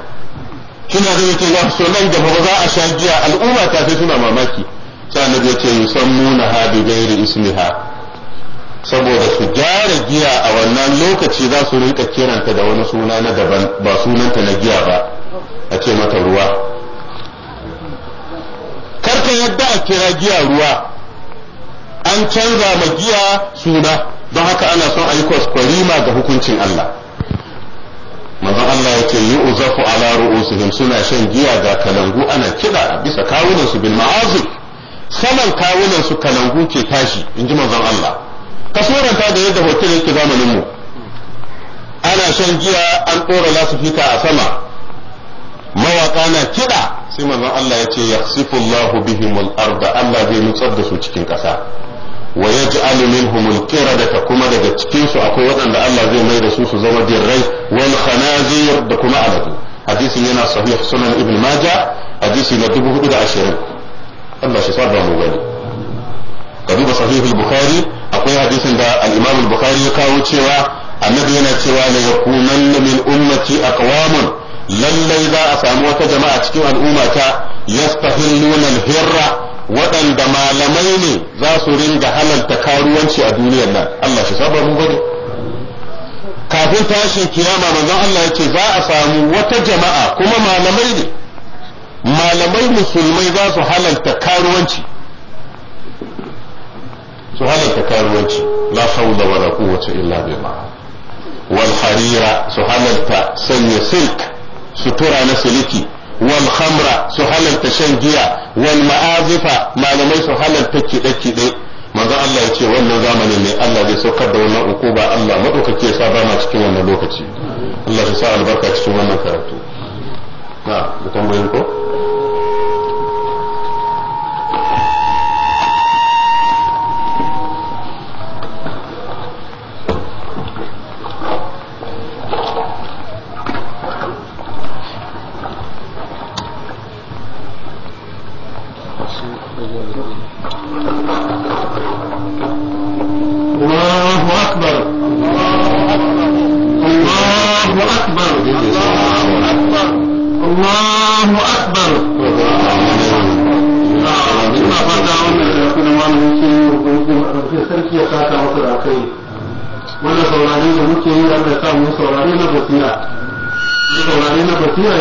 kina ga yake na so nan gaba ba za a sha jiya al'umma ta sai suna mamaki sai annabi ce yusammuna ha bi ghairi ismiha saboda su gyara giya a wannan lokaci za su rinka kiranta da wani suna na daban ba sunanta na giya ba a ce mata ruwa karka yadda a kira giya ruwa an canza ma giya suna don haka ana son a yi kwaskwarima ga hukuncin Allah manzon Allah ce yi uzafu ala ru'usihim suna shan giya ga kalangu ana kiɗa bisa kawunan su bil ma'azif saman kawunan kalangu ke tashi in ji manzon Allah kasuranta da yadda hotel yake zamanin mu ana shan giya an ɗora fita a sama mawaka na kiɗa sai manzon Allah ya ce yaqsifu Allahu bihim al Allah zai nutsar da su cikin ƙasa wa yaj'alu minhum alqiradata kuma daga cikinsu akwai waɗanda Allah zai mai da su su zama birrai wal khanazir da kuma aladu hadisin yana sahih sunan ibn majah hadisi na 420 Allah shi saba mu gani ka duba sahih bukhari akwai hadisin da al-imam bukhari ya kawo cewa annabi yana cewa la yakunanna min ummati aqwamun lallai za a samu wata jama'a cikin al'ummata yastahilluna al-hirra waɗanda malamai ne za su ringa halalta karuwanci a duniyar nan Allah shi saba mu bane kafin tashin kiyama manzon Allah ya za a samu wata jama'a kuma malamai ne malamai musulmai za su halalta karuwanci su halalta karuwanci la hawla wala quwwata illa billah wal harira su halalta sanya silk sutura na siliki wal hamra su halarta shan giya wal ma'azifa malamai su halarta kiɗe-kiɗe manzo Allah ya ce wannan zamanin ne Allah zai saukar da wannan ukuba Allah madaukake ya sa ba ma cikin wannan lokaci Allah sa albarka cikin wannan karatu na da tambayin ko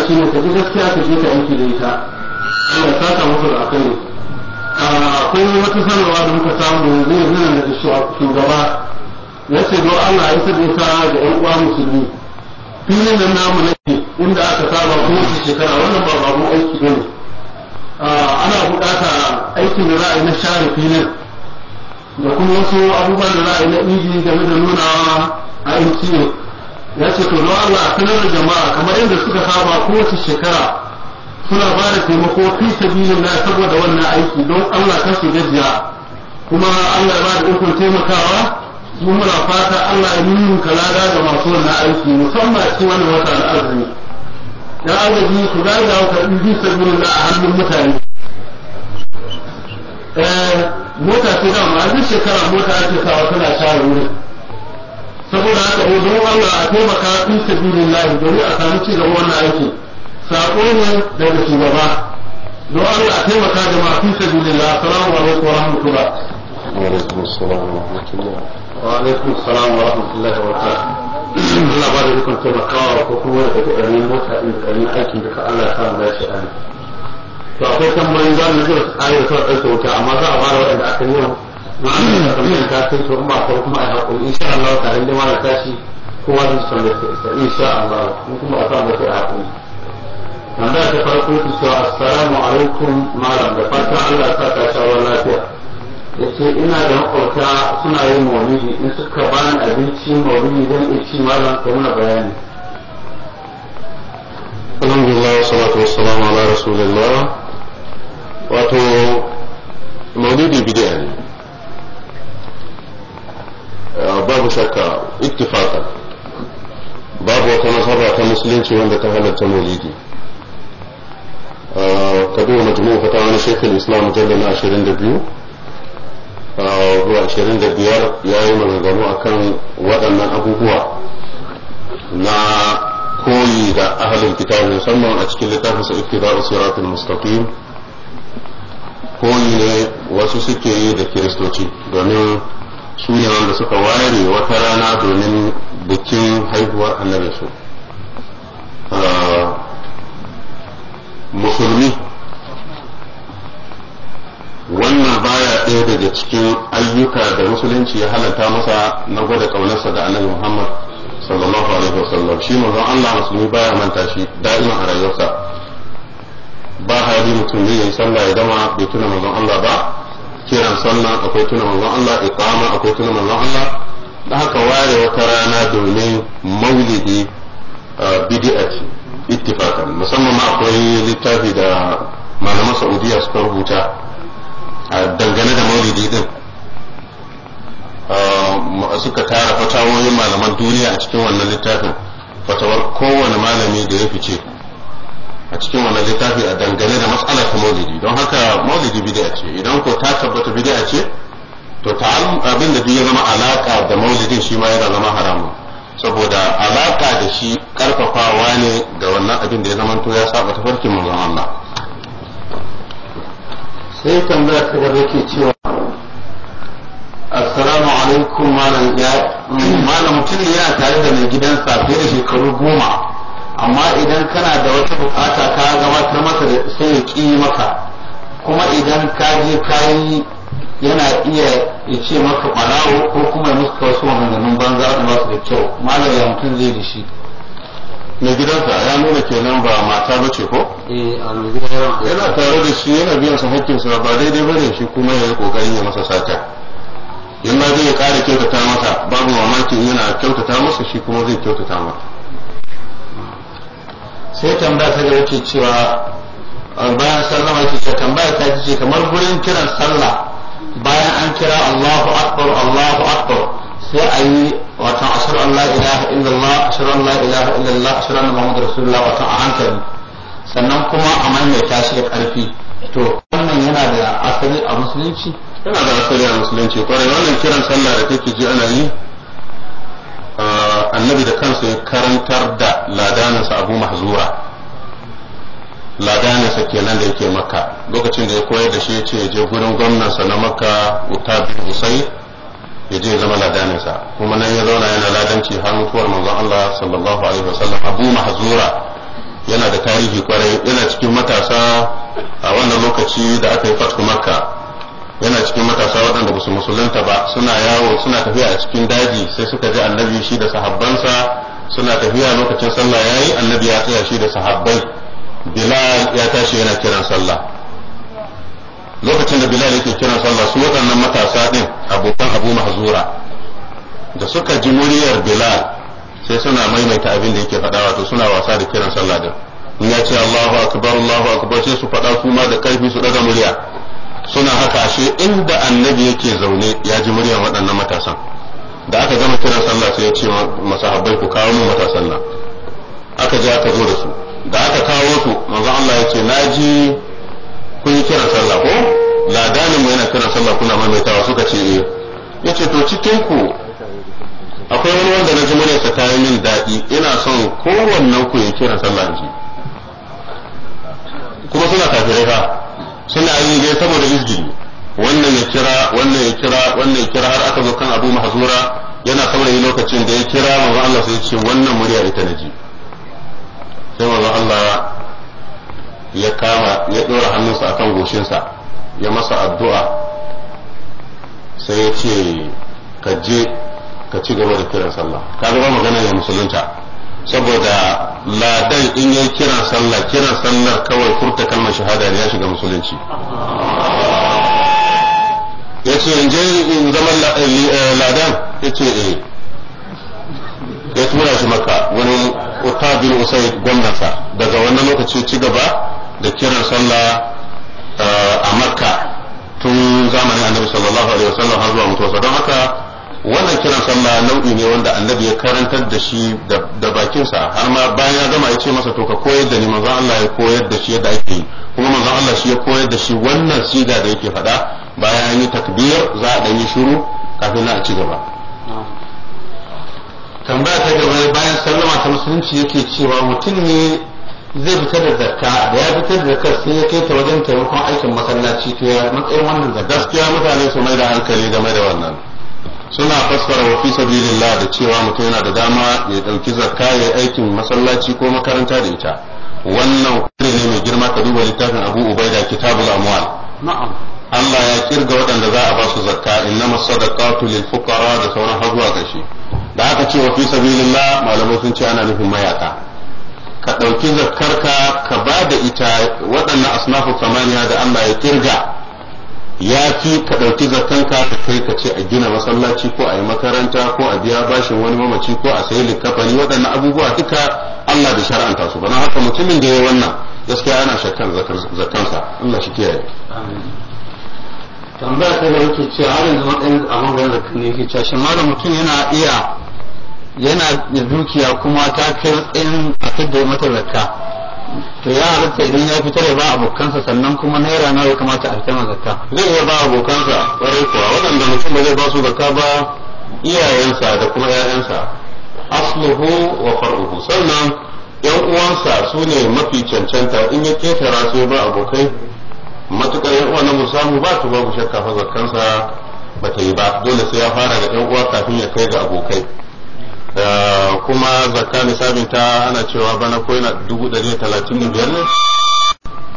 shi ne ka gaskiya ka je ka aiki da ita Allah ne saka musu da akai akwai wata sanarwa da muka samu zai zina da shugaba ya ce don Allah ya sabi ta da ƴan uwa musulmi filin nan namu ne inda aka saba kowace shekara wannan ba babu aiki ba ne ana buƙata aikin da za na share filin da kuma wasu abubuwan da za na iji game da nuna a MCA ya ce to don Allah a sanar da jama'a kamar inda suka saba kowace shekara suna ba da taimako fi na saboda wannan aiki don Allah ta su gajiya kuma Allah ya ba da ikon taimakawa mun muna fata Allah ya nuna kalada ga masu wannan aiki musamman cikin wannan wata al'azumi ya agaji su ga da ka bisa na a hannun mutane eh, mota ce da ma shekara mota ake sawa tana share wurin saboda haka ko don Allah a taimaka fi sabilillahi domin a samu ci gaba wannan aiki sako ne daga shugaba don Allah a taimaka jama'a fi sabilillah salamu alaikum wa rahmatullah wa alaikum wa rahmatullah wa alaikum wa rahmatullah wa barakatuh Allah ba da dukkan taimakawa ko kuma da daga ɗarin mota ɗin da ɗarin aikin ka Allah ya samu dace a nan. To akwai tambayoyi za mu zuwa ayar sa ɗauke wuta amma za a ba da waɗanda aka yi ta kai to ba kai kuma ai hakuri insha Allah tare da wani tashi kowa zai san da sai insha Allah in kuma a san da sai hakuri wanda ta farko ta ce assalamu alaikum malam da fatan Allah ta ta shawo lafiya yace ina da makwabta suna yin maulidi in suka bani abinci maulidi zan iya ci malam ka muna bayani alhamdulillah wassalatu wassalamu ala rasulillah wato maulidi bid'a ne babu shakka ittifaqan babu wata nasaba ta musulunci wanda ta halatta maulidi ka duba fa ta wani shekul islam mujallal na ashirin da 25 ya yi maganganu akan waɗannan abubuwa na koyi da ahalin kitabi musamman a cikin littafin sa iktidar siratul mustaqim koyi ne wasu suke yi da kiristoci domin su ne wanda suka ware wata rana domin bikin haihuwar annabinsu ah, musulmi wannan baya ɗaya daga cikin ayyuka da musulunci ya halatta masa na gwada ƙaunarsa da annabi muhammad sallallahu alaihi wasallam shi manzon allah musulmi baya manta shi da'iman a rayuwarsa ba hali mutum ne ya yi sallah ya gama bai tuna manzon allah ba kiran sallah akwai tuna manzon Allah iqama akwai tuna manzon Allah da haka ware wata rana domin maulidi bid'a ce ittifaqan musamman ma akwai littafi da malaman Saudiya suka rubuta dangane da maulidi din suka tara fatawoyin malaman duniya a cikin wannan littafin fatawar kowane malami da ya fice a cikin wannan littafi a dangane da matsala ta maulidi don haka maulidi bid'a ce idan ko ta tabbata bid'a ce to abin da ya zama alaka da maulidin shi ma yana zama haramun saboda alaka da shi karfafawa ne ga wannan abin da ya zama to ya saba tafarkin manzon Allah sai tambaya ta gaba ke cewa assalamu alaikum malam ya malam mutum ne yana tare da mai gidansa fiye da shekaru goma amma idan kana da wata bukata ka gabatar da sai ya ƙi maka kuma idan ka je kayi yana iya ya ce maka ɓarawo ko kuma ya musu wasu maganganun banza da masu da kyau malam ya mutum zai da shi mai gidansa ya nuna kenan ba mata ba ce ko? Eh, yana tare da shi yana biyan sa hakkinsa ba daidai ba ne shi kuma ya yi kokarin ya masa sata in ma zai ya kara kyautata masa babu mamaki yana kyautata masa shi kuma zai kyautata masa sai tambaya ta gaba ke cewa bayan sallama ke cewa tambaya ta ce kamar gurin kiran sallah bayan an kira Allahu akbar Allahu akbar sai a yi wata ashhadu an ilaha illallah ashhadu an ilaha illallah ashhadu anna muhammadar rasulullah wata a hankali sannan kuma a maimaita shi da karfi to wannan yana da asali a musulunci yana da asali a musulunci kwarai wannan kiran sallah da kake ji ana yi Ah, annabi da kansa ya karantar da ladaninsa abu mahzura ladaninsa kenan da yake maka lokacin da ya koyar da shi ya ce je gurin gwamnansa na maka utabir usai ya je zama ladaninsa kuma nan ya zauna yana ladanci har mutuwar manzon Allah sallallahu alaihi wasallam abu mahzura yana da tarihi kwarai yana cikin matasa a wannan lokaci da aka yi fatu maka. yana cikin matasa waɗanda ba su musulunta ba suna yawo suna tafiya a cikin daji sai suka ji annabi shi da sahabbansa suna tafiya lokacin sallah ya yi annabi ya tsaya shi da sahabbai bilal ya tashi yana kiran sallah lokacin da bilal yake kiran sallah su waɗannan matasa ɗin abokan abu mahzura da suka ji muryar bilal sai suna maimaita abin da yake faɗa wato suna wasa da kiran sallah din in ya ce allahu akbar allahu akbar sai su faɗa su ma da ƙarfi su ɗaga murya suna haka ashe inda annabi yake zaune ya ji muryar waɗannan matasan da aka gama kiran sallah sai ya ce masahabbai ku kawo mu matasan nan aka je aka zo da su da aka kawo su manzo Allah ya ce naji kun yi kiran sallah ko ladanin mu yana kiran sallah kuna maimaitawa suka ce eh yace to cikin ku akwai wani wanda na ji muryarsa ta yi min daɗi ina son kowannen ku ya kiran sallah ji kuma suna kafirai ha suna yi dai saboda izini wannan ya kira wannan ya kira wannan ya kira har aka zo kan abu mahzura yana yi lokacin da ya kira manzo Allah sai ya ce wannan murya ita na ji sai manzo Allah ya kama ya dora hannunsa akan sa ya masa addu'a sai ya ce ka je ka ci gaba da kiran sallah ka ga magana ya musulunta saboda ladan in yi kiran sallah kiran sallar kawai furta kalmar shahada ne ya shiga musulunci ya ce in je in zama eh, eh, ladan ya ce eh ya tura shi maka wani otabin usaid gwamnansa daga wannan lokaci ci gaba da kiran sallah eh, a makka tun zamanin annabi sallallahu alaihi wasallam har zuwa mutuwa. don haka wannan kiran sallah nau'i ne wanda annabi ya karantar da shi da bakinsa har ma bayan ya gama ya ce masa to ka koyar da ni manzon Allah ya koyar da shi yadda ake yi kuma manzon Allah shi ya koyar da shi wannan siga da yake faɗa bayan ya yi takbir za a yi shiru kafin na a ci gaba tambaya ta gaba bayan sallama ta musulunci yake cewa mutum ne zai fitar da zakka da ya fitar da zakka sai ya kai ta wajen taimakon aikin masallaci to ya matsayin wannan zakka gaskiya mutane su mai da hankali game da wannan suna fassara wa fi sabilillah da cewa mutum yana da dama ya dauki zakka ya aikin masallaci ko makaranta da ita wannan kare ne mai girma ka duba littafin Abu Ubaida Kitabul Amwal na'am Allah ya kirga waɗanda za a ba su zakka innamas sadaqatu lil fuqara da sauran har zuwa kashi da aka ce wa fi sabilillah malamai sun ce ana nufin mayaka ka dauki zakkarka ka ba da ita waɗannan asnafu samaniya da Allah ya kirga ya ki ka ɗauki zakanka ka kai ka ce a gina masallaci ko a yi makaranta ko a biya bashin wani mamaci ko a sayi likafani waɗannan abubuwa duka Allah da shar'anta su bana haka mutumin da ya wannan gaskiya ana shakkan zakansa Allah shi kiyaye tambaya ta da yake ce har yanzu waɗannan a maganar zakan ne yake cewa shin malam mutum yana iya yana dukiya kuma ta kai matsayin a fidda mata zakka to ya halatta idan ya fitar ya ba abokansa sannan kuma naira nawa ya kamata a fitar ma zakka zai iya ba abokansa kwarai kuwa waɗanda mutum ba zai ba su zakka ba iyayensa da kuma ƴaƴansa asluhu wa far'uhu sannan yan uwansa su ne mafi cancanta in ya ketara su ba abokai matukar yan uwa na musamu ba su babu shakka fa zakkansa ba ta yi ba dole sai ya fara da yan uwa kafin ya kai ga abokai kuma zakka nisabin ta ana cewa bana ko yana dubu ɗari talatin da biyar ne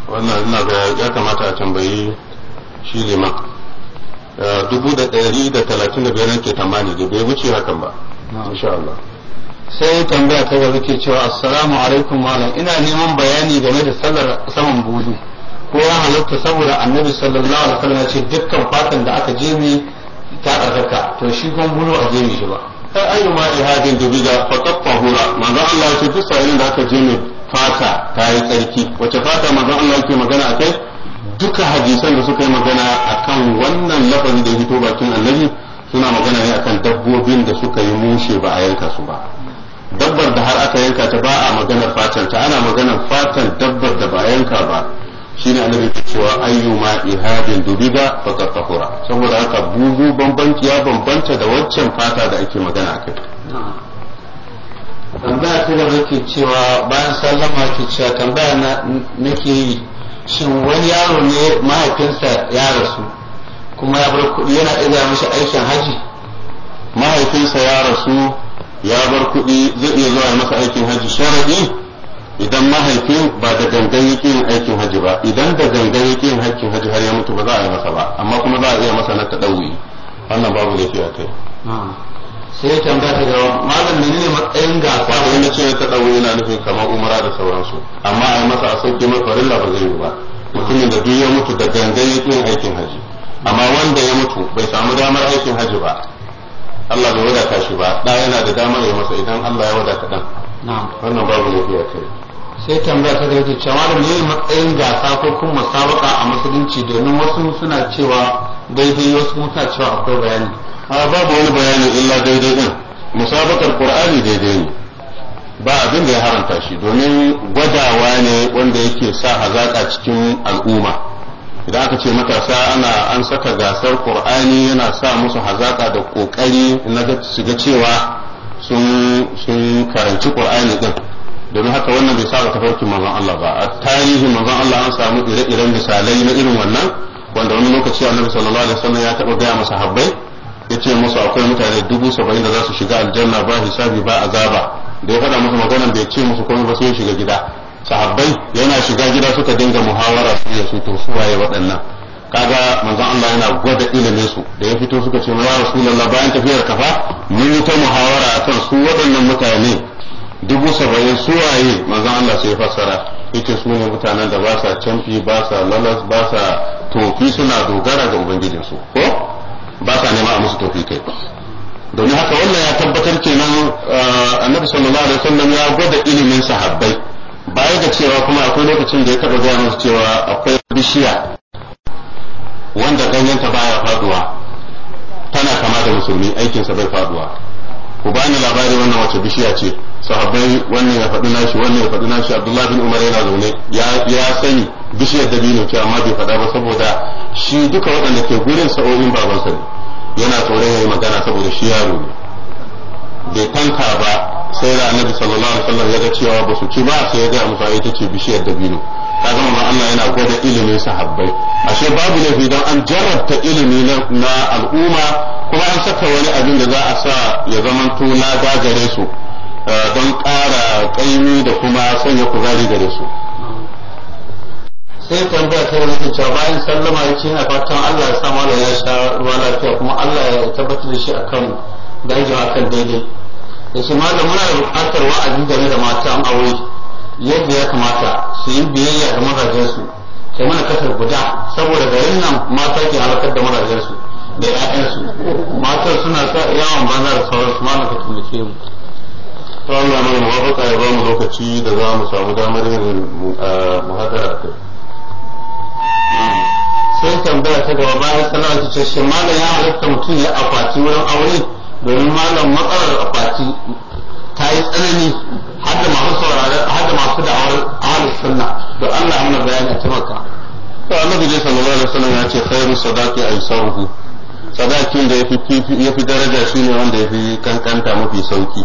wannan ina ga ya kamata a tambayi shi ma dubu da ɗari da talatin da biyar ke tamani da bai wuce hakan ba insha Allah sai tambaya ta gaba ke cewa assalamu alaikum malam ina neman bayani game da sallar saman buzu ko ya halatta saboda annabi sallallahu alaihi wasallam ya ce dukkan fatan da aka je ta ɗaukaka to shi kuma bulu a je shi ba ai ayu ma hajin dubiga faqat tahura manzo Allah ya ce duk sa'ilin da aka je ne fata ta yi tsarki wace fata manzon Allah ke magana a kai duka hadisan da suka yi magana akan wannan lafazi da ya fito bakin annabi suna magana ne akan dabbobin da suka yi mushe ba a yanka su ba dabbar da har aka yanka ta ba a maganar fatan ta ana maganar fatan dabbar da ba a yanka ba shine annabi ke cewa ayyuma ihadin dubida faqad tahura saboda haka bugu bambanci ya bambanta da waccan fata da ake magana akai tambaya ta da nake cewa bayan sallama ke cewa tambaya na nake yi shin wani yaro ne mahaifinsa ya rasu kuma ya bar kuɗi yana iya mishi aikin haji mahaifinsa ya rasu ya bar kuɗi zai iya zuwa masa aikin haji sharadi idan mahaifin ba da gangan yake yin aikin haji ba idan da gangan yake yin aikin haji har ya mutu ba za a yi masa ba amma kuma za a iya masa na taɗauyi wannan babu laifi a kai sai ya tambaya ta gawa malam ne matsayin gasa da wani ce ta dawo yana nufin kamar umara da sauransu amma a yi masa a sauƙi mafarilla ba zai yi ba mutumin da duk ya mutu da gangan yake yin aikin haji amma wanda ya mutu bai samu damar aikin haji ba Allah bai wadata shi ba ɗaya yana da damar ya masa idan Allah ya wadata ɗan. wannan babu laifi a kai sai tambaya ta daga cewa malam yi matsayin gasa ko kuma musabaka a musulunci domin wasu suna cewa daidai wasu kuma suna cewa akwai bayani a babu wani bayani illa daidai din musabakar qur'ani daidai ne ba abin da ya haramta shi domin gwadawa ne wanda yake sa hazaƙa cikin al'umma idan aka ce matasa ana an saka gasar qur'ani yana sa musu hazaƙa da ƙoƙari na shiga cewa sun karanci qur'ani din domin haka wannan bai saba tafarkin manzon Allah ba a tarihin manzon Allah an samu ire-iren misalai na irin wannan wanda wani lokaci annabi sallallahu alaihi wasallam ya taba gaya masa habbai yace musu akwai mutane dubu saba'in da za su shiga aljanna ba hisabi ba azaba da ya faɗa musu maganan bai ce musu komai ba sai shiga gida sahabbai yana shiga gida suka dinga muhawara su ya su to su waye waɗannan kaga manzon Allah yana gwada ilimin su da ya fito suka ce ya rasulullahi bayan tafiyar kafa mun yi ta muhawara akan su waɗannan mutane dubu saba'in suwaye manzon Allah sai fassara yake su ne mutanen da ba sa canfi ba sa lalas ba sa tofi suna dogara ga ubangijinsu ko ba sa nema a musu tofi kai domin haka wannan ya tabbatar kenan uh, annabi sallallahu alaihi wasallam ya gwada ilimin sahabbai baya ga cewa kuma akwai lokacin da ya taba gaya musu cewa akwai bishiya wanda ganyenta baya faduwa tana kama da musulmi aikinsa bai faduwa ku bani labari wannan wace bishiya ce sahabbai wannan ya faɗi nashi wannan ya faɗi nashi abdullahi bin umar yana zaune ya sani bishiyar dabino ce amma bai faɗa ba saboda shi duka waɗanda ke gurin sa'o'in babansa ne yana tsoron yayi magana saboda shi yaro ne bai tanka ba sai da annabi sallallahu alaihi wasallam ya ga cewa ba su ci ba sai ya ga musu ta ce bishiyar dabino kaga manzon Allah yana gwada ilimin sahabbai ashe babu laifi don an jarabta ilimi na al'umma kuma an saka wani abin da za a sa ya zamanto na gagare su don ƙara ƙaimi da kuma sanya kuzari gare su sai tambaya ta wani cewa bayan sallama ya ce na fatan Allah ya sa malam ya sha ruwa lafiya kuma Allah ya tabbatar da shi akan a akan daidai ya ce malam muna da buƙatar wa'azi game da matan aure yadda ya kamata su yi biyayya ga mazajensu kai mana kasar guda saboda garin nan mata ke halakar da mazajensu da 'ya'yansu Matar suna sa yawan banza da sauransu malam ka taimake mu ta Allah mai muwafaka ya ba mu lokaci da za mu samu damar yin muhadara kai sai tambaya ta gaba bayan sana'a ta ce shi malam ya halatta mutum ya akwati wurin aure domin malam matsalar akwati ta yi tsanani har da masu sauraron har da masu da'awar ahlus sunna da Allah ya mana bayani a taimaka to annabi dai sallallahu alaihi wasallam ya ce khairu sadaqi aysaruhu sadakin da yafi yafi daraja shine wanda yafi kankanta mafi sauki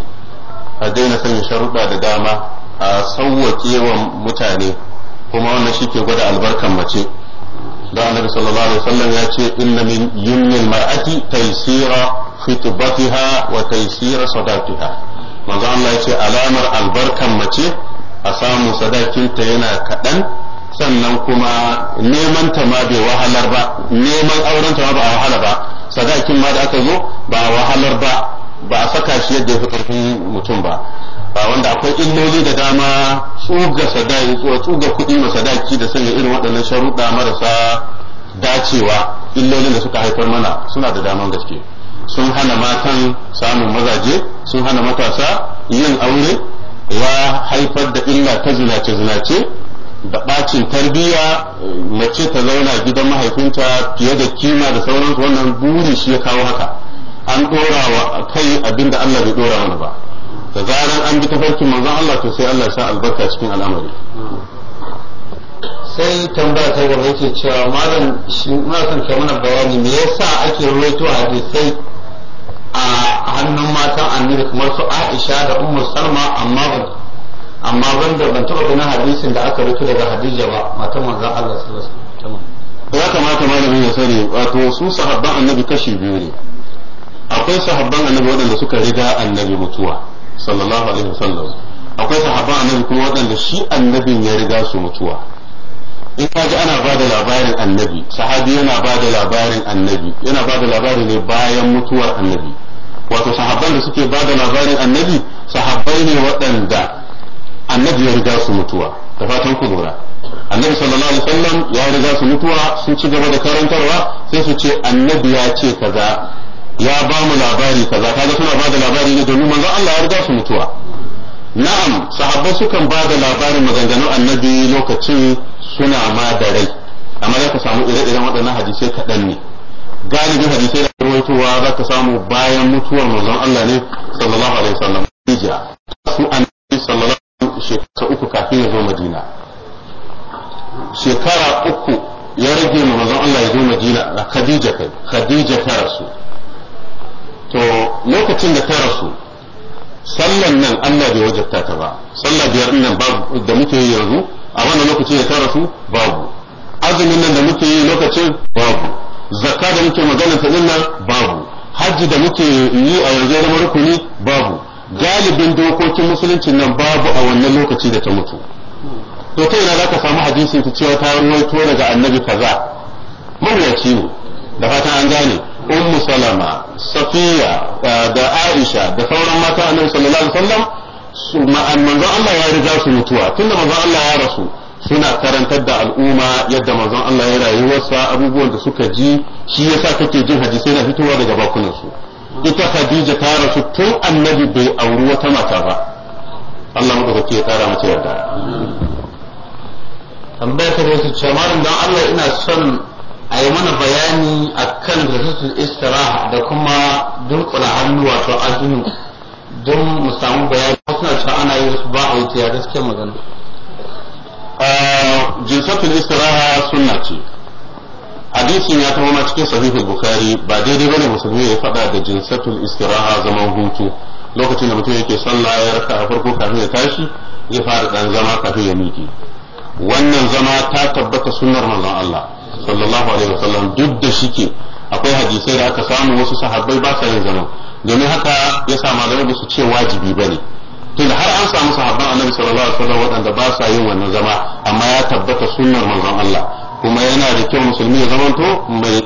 a daina sanya sharuɗa da dama a sauwake wa mutane kuma wannan shi ke gwada albarkan mace da annabi sallallahu alaihi wasallam ya ce inna min yumnil mar'ati taysira fitbatiha wa taysira sadaqatiha manzo Allah ya ce alamar albarkan mace a samu sadakinta yana kaɗan sannan kuma neman ta ma bai wahalar ba neman auren ta ma ba a wahala ba sadakin ma da aka zo ba a wahalar ba ba a saka shi yadda ya fi ƙarfin mutum ba ba wanda akwai illoli da dama tsuga sadaki ko tsuga kuɗi ma sadaki da sanya irin waɗannan sharuɗa marasa dacewa illolin da suka haifar mana suna da daman gaske sun hana matan samun mazaje sun hana matasa yin aure ya haifar da illa ta zinace zinace da ɓacin tarbiyya mace ta zauna gidan mahaifinta fiye da kima da sauransu wannan buri shi ya kawo haka an dora wa kai abinda Allah bai dora mana ba da zaran an bi tafarkin manzon Allah to sai Allah ya sa albarka cikin al'amari sai tambaya ta gaba yake cewa malam shi muna son kai mana bayani me yasa ake ruwaito hadisai a hannun matan annabi kamar su Aisha da Ummu Salma amma amma banda ban taɓa ganin hadisin da aka rubuta daga Hadija ba matan manzon Allah sallallahu alaihi wasallam ya kamata malamin ya sani wato su sahabban annabi kashi biyu ne akwai sahabban annabi waɗanda suka riga annabi mutuwa sallallahu alaihi wasallam akwai sahabban annabi kuma waɗanda shi annabin ya riga su mutuwa in ka ji ana bada labarin annabi sahabi yana bada labarin annabi yana bada labari ne bayan mutuwar annabi wato sahabban da suke bada labarin annabi sahabbai ne waɗanda annabi ya riga su mutuwa da fatan ku lura annabi sallallahu alaihi wasallam ya riga su mutuwa sun ci gaba da karantarwa sai su ce annabi ya ce kaza ya ba mu labari kaza kaga suna ba da labari ne domin manzo Allah ya riga su mutuwa na'am sahabbai sukan ba da labarin maganganun annabi lokacin suna ma da rai amma za ka samu ire-iren waɗannan hadisai kaɗan ne galibin hadisai da rawaitowa za ka samu bayan mutuwar manzon Allah ne sallallahu alaihi wasallam hijira su annabi sallallahu alaihi shekara uku kafin ya zo Madina shekara uku ya rage manzon Allah ya zo Madina Khadija kai Khadija ta rasu to lokacin da ta rasu sallan nan Allah bai wajabta ta ba sallah biyar nan da muke yi yanzu a wannan lokacin da ta rasu babu azumin nan da muke yi lokacin babu zakka da muke magana ta dinnan babu hajji da muke yi a yanzu zama rukuni babu galibin dokokin musulunci nan babu a wannan lokaci da ta mutu to ta yana za ka samu hadisi ta cewa ta ruwaito daga annabi kaza ya ciwo da fatan an gane ummu salama safiya da aisha da sauran mata annabi sallallahu alaihi wasallam su manzon Allah ya riga su mutuwa tunda manzon Allah ya rasu suna karantar da al'umma yadda manzon Allah ya rayuwarsa abubuwan da suka ji shi yasa kake jin hadisai na fitowa daga bakunan ita Khadija ta rasu tun annabi bai auri wata mata ba Allah madaukake ya tara mata yarda tambayar ta ce malam dan Allah ina son a yi mana bayani a kan rasatul istiraha da kuma dunkula hannu wato azumi don mu samu bayani suna cewa ana yi wasu ba a yi ta gaske magana jinsatul istiraha sunna ce hadisin ya taho cikin sahihul bukhari ba daidai bane musulmi ya faɗa da jinsatul istiraha zaman hutu lokacin da mutum yake sallah ya raka a farko kafin ya tashi ya fara dan zama kafin ya miƙe wannan zama ta tabbata sunnar manzon Allah sallallahu alaihi wasallam duk da shike akwai hadisai da aka samu wasu sahabbai ba sa yin zama domin haka ya sa malamai ba su ce wajibi ba ne tun har an samu sahabban annabi sallallahu alaihi wasallam waɗanda ba sa yin wannan zama amma ya tabbata sunnar manzon Allah kuma yana da kyau musulmi ya zamanto mai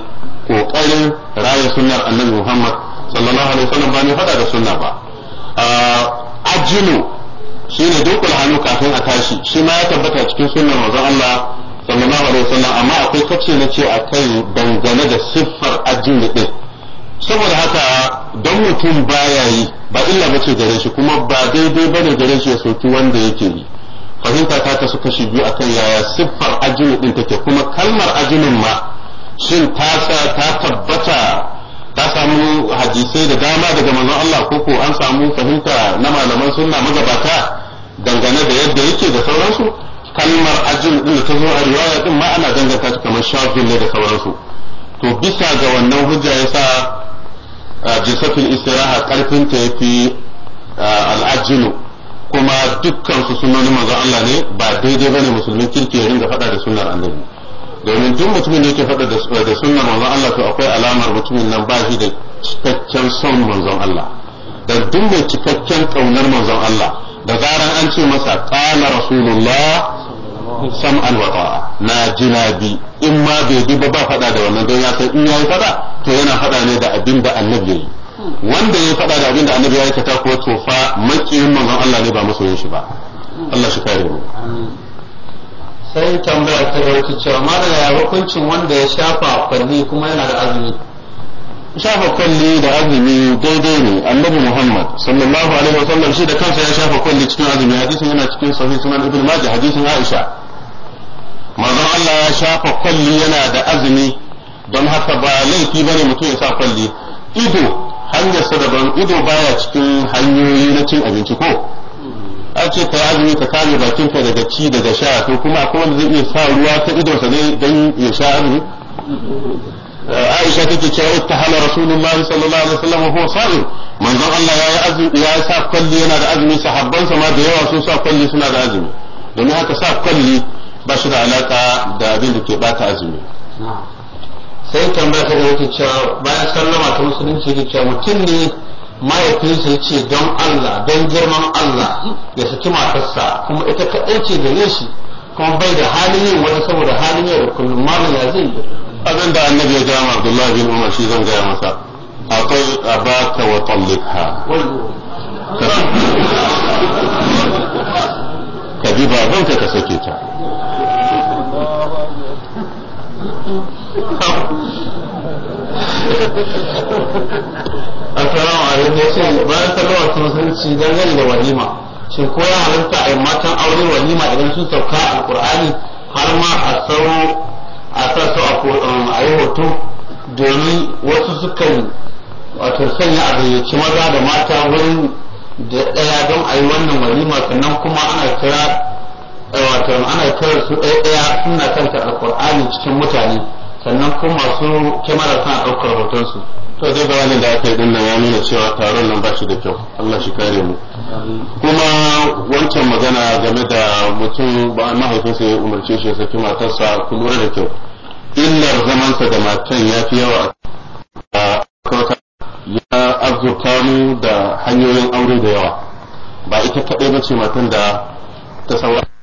kokarin raya sunnar annabi Muhammad sallallahu alaihi wasallam ba ne faɗa da sunna ba ah, ajilu shine dukul hannu kafin a tashi shi ma ya tabbata cikin sunnar manzon Allah sallallahu alaihi wasallam amma akwai kace na ce akan dangane da siffar addini din saboda haka don mutum baya yi ba illa bace gare shi kuma ba daidai bane gare shi ya soki wanda yake yi fahimta ta kasu kashi biyu akan yaya siffar ajinu din take kuma kalmar ajinin ma shin ta tabbata ta samu hadisai da dama daga manzon Allah ko ko an samu fahimta na malaman sunna magabata dangane da yadda yake da sauransu kalmar ajin din da ta zo a riwaya din ma ana danganta ta kamar shafin ne da sauransu to bisa ga wannan hujja yasa jisatul istiraha karfin ta yafi al'ajinu kuma dukkan su sunanin manzon Allah ne ba daidai bane musulmin kirki ya ringa faɗa da sunnar annabi domin duk mutumin da yake faɗa da sunnar manzon Allah to akwai alamar mutumin nan ba shi da cikakken son manzon Allah da duk mai cikakken kaunar manzon Allah da zaran an ce masa qala rasulullah sam'an wa ta'a na jina bi in ma bai duba ba fada da wannan don ya san in yayi fada to yana fada ne da abin da annabi yayi wanda ya fada da abin da annabi ya ta ko to fa makiyin manzon Allah ne ba masoyin shi ba Allah shi kare mu sai tambaya ta ga wata cewa malam ya hukuncin wanda ya shafa kwalli kuma yana da azumi shafa kwalli da azumi daidai ne annabi muhammad sallallahu alaihi wasallam shi da kansa ya shafa kwalli cikin azumi hadisin yana cikin sahih sunan ibnu majah hadisin aisha manzon Allah ya shafa kwalli yana da azumi don haka ba laifi bane mutum ya sa kwalli ido hanyarsa daban ido baya cikin hanyoyi na cin abinci ko a ce ka azumi ka kame bakinka daga ci daga sha to kuma akwai wanda zai iya sa ruwa ta idonsa ne don ya sha azumi Aisha take cewa ittahala Rasulullahi sallallahu alaihi wasallam huwa sa'im manzon Allah ya yi azumi ya sa kwalli yana da azumi sahabbansa ma da yawa sun sa kwalli suna da azumi domin haka sa kwalli ba su da alaka da abin da ke bata azumi sai tambaya ta gaba cewa bayan sallama ta musulunci a cewa mutum ne mahaifinsa ya ce don Allah don girman Allah ya saki matarsa kuma ita kaɗai ce gare shi kuma bai da halin yin wani saboda halin yau da kullum malam ya zai abin da annabi ya gama Abdullahi bin Umar shi zan gaya masa akwai abaka wa tallikha ka bi babanka ka sake ta assalamu alaikum ya ce bayan sallama sun zunci dangane da walima shi ko ya halarta a matan aure walima idan sun sauka alkur'ani har ma a sauro a sassa um, a yi hoto domin wasu yi wato sanya a gayyaci maza da mata wurin da ɗaya don a yi wannan walima sannan kuma ana kira wato ana koyar su ɗaya ɗaya suna kanta Alƙur'ani cikin mutane sannan kuma masu kemara suna ɗaukar hotonsu to dai wani da aka yi din ya nuna cewa taron nan ba shi da kyau Allah shi kare mu kuma wancan magana game da mutum ba mahaifinsa ya umarce shi ya saki matarsa ku lura da kyau illar zamansa da matan ya fi yawa a kawata ya azurta mu da hanyoyin aure da yawa ba ita kaɗai ba ce matan da ta saurara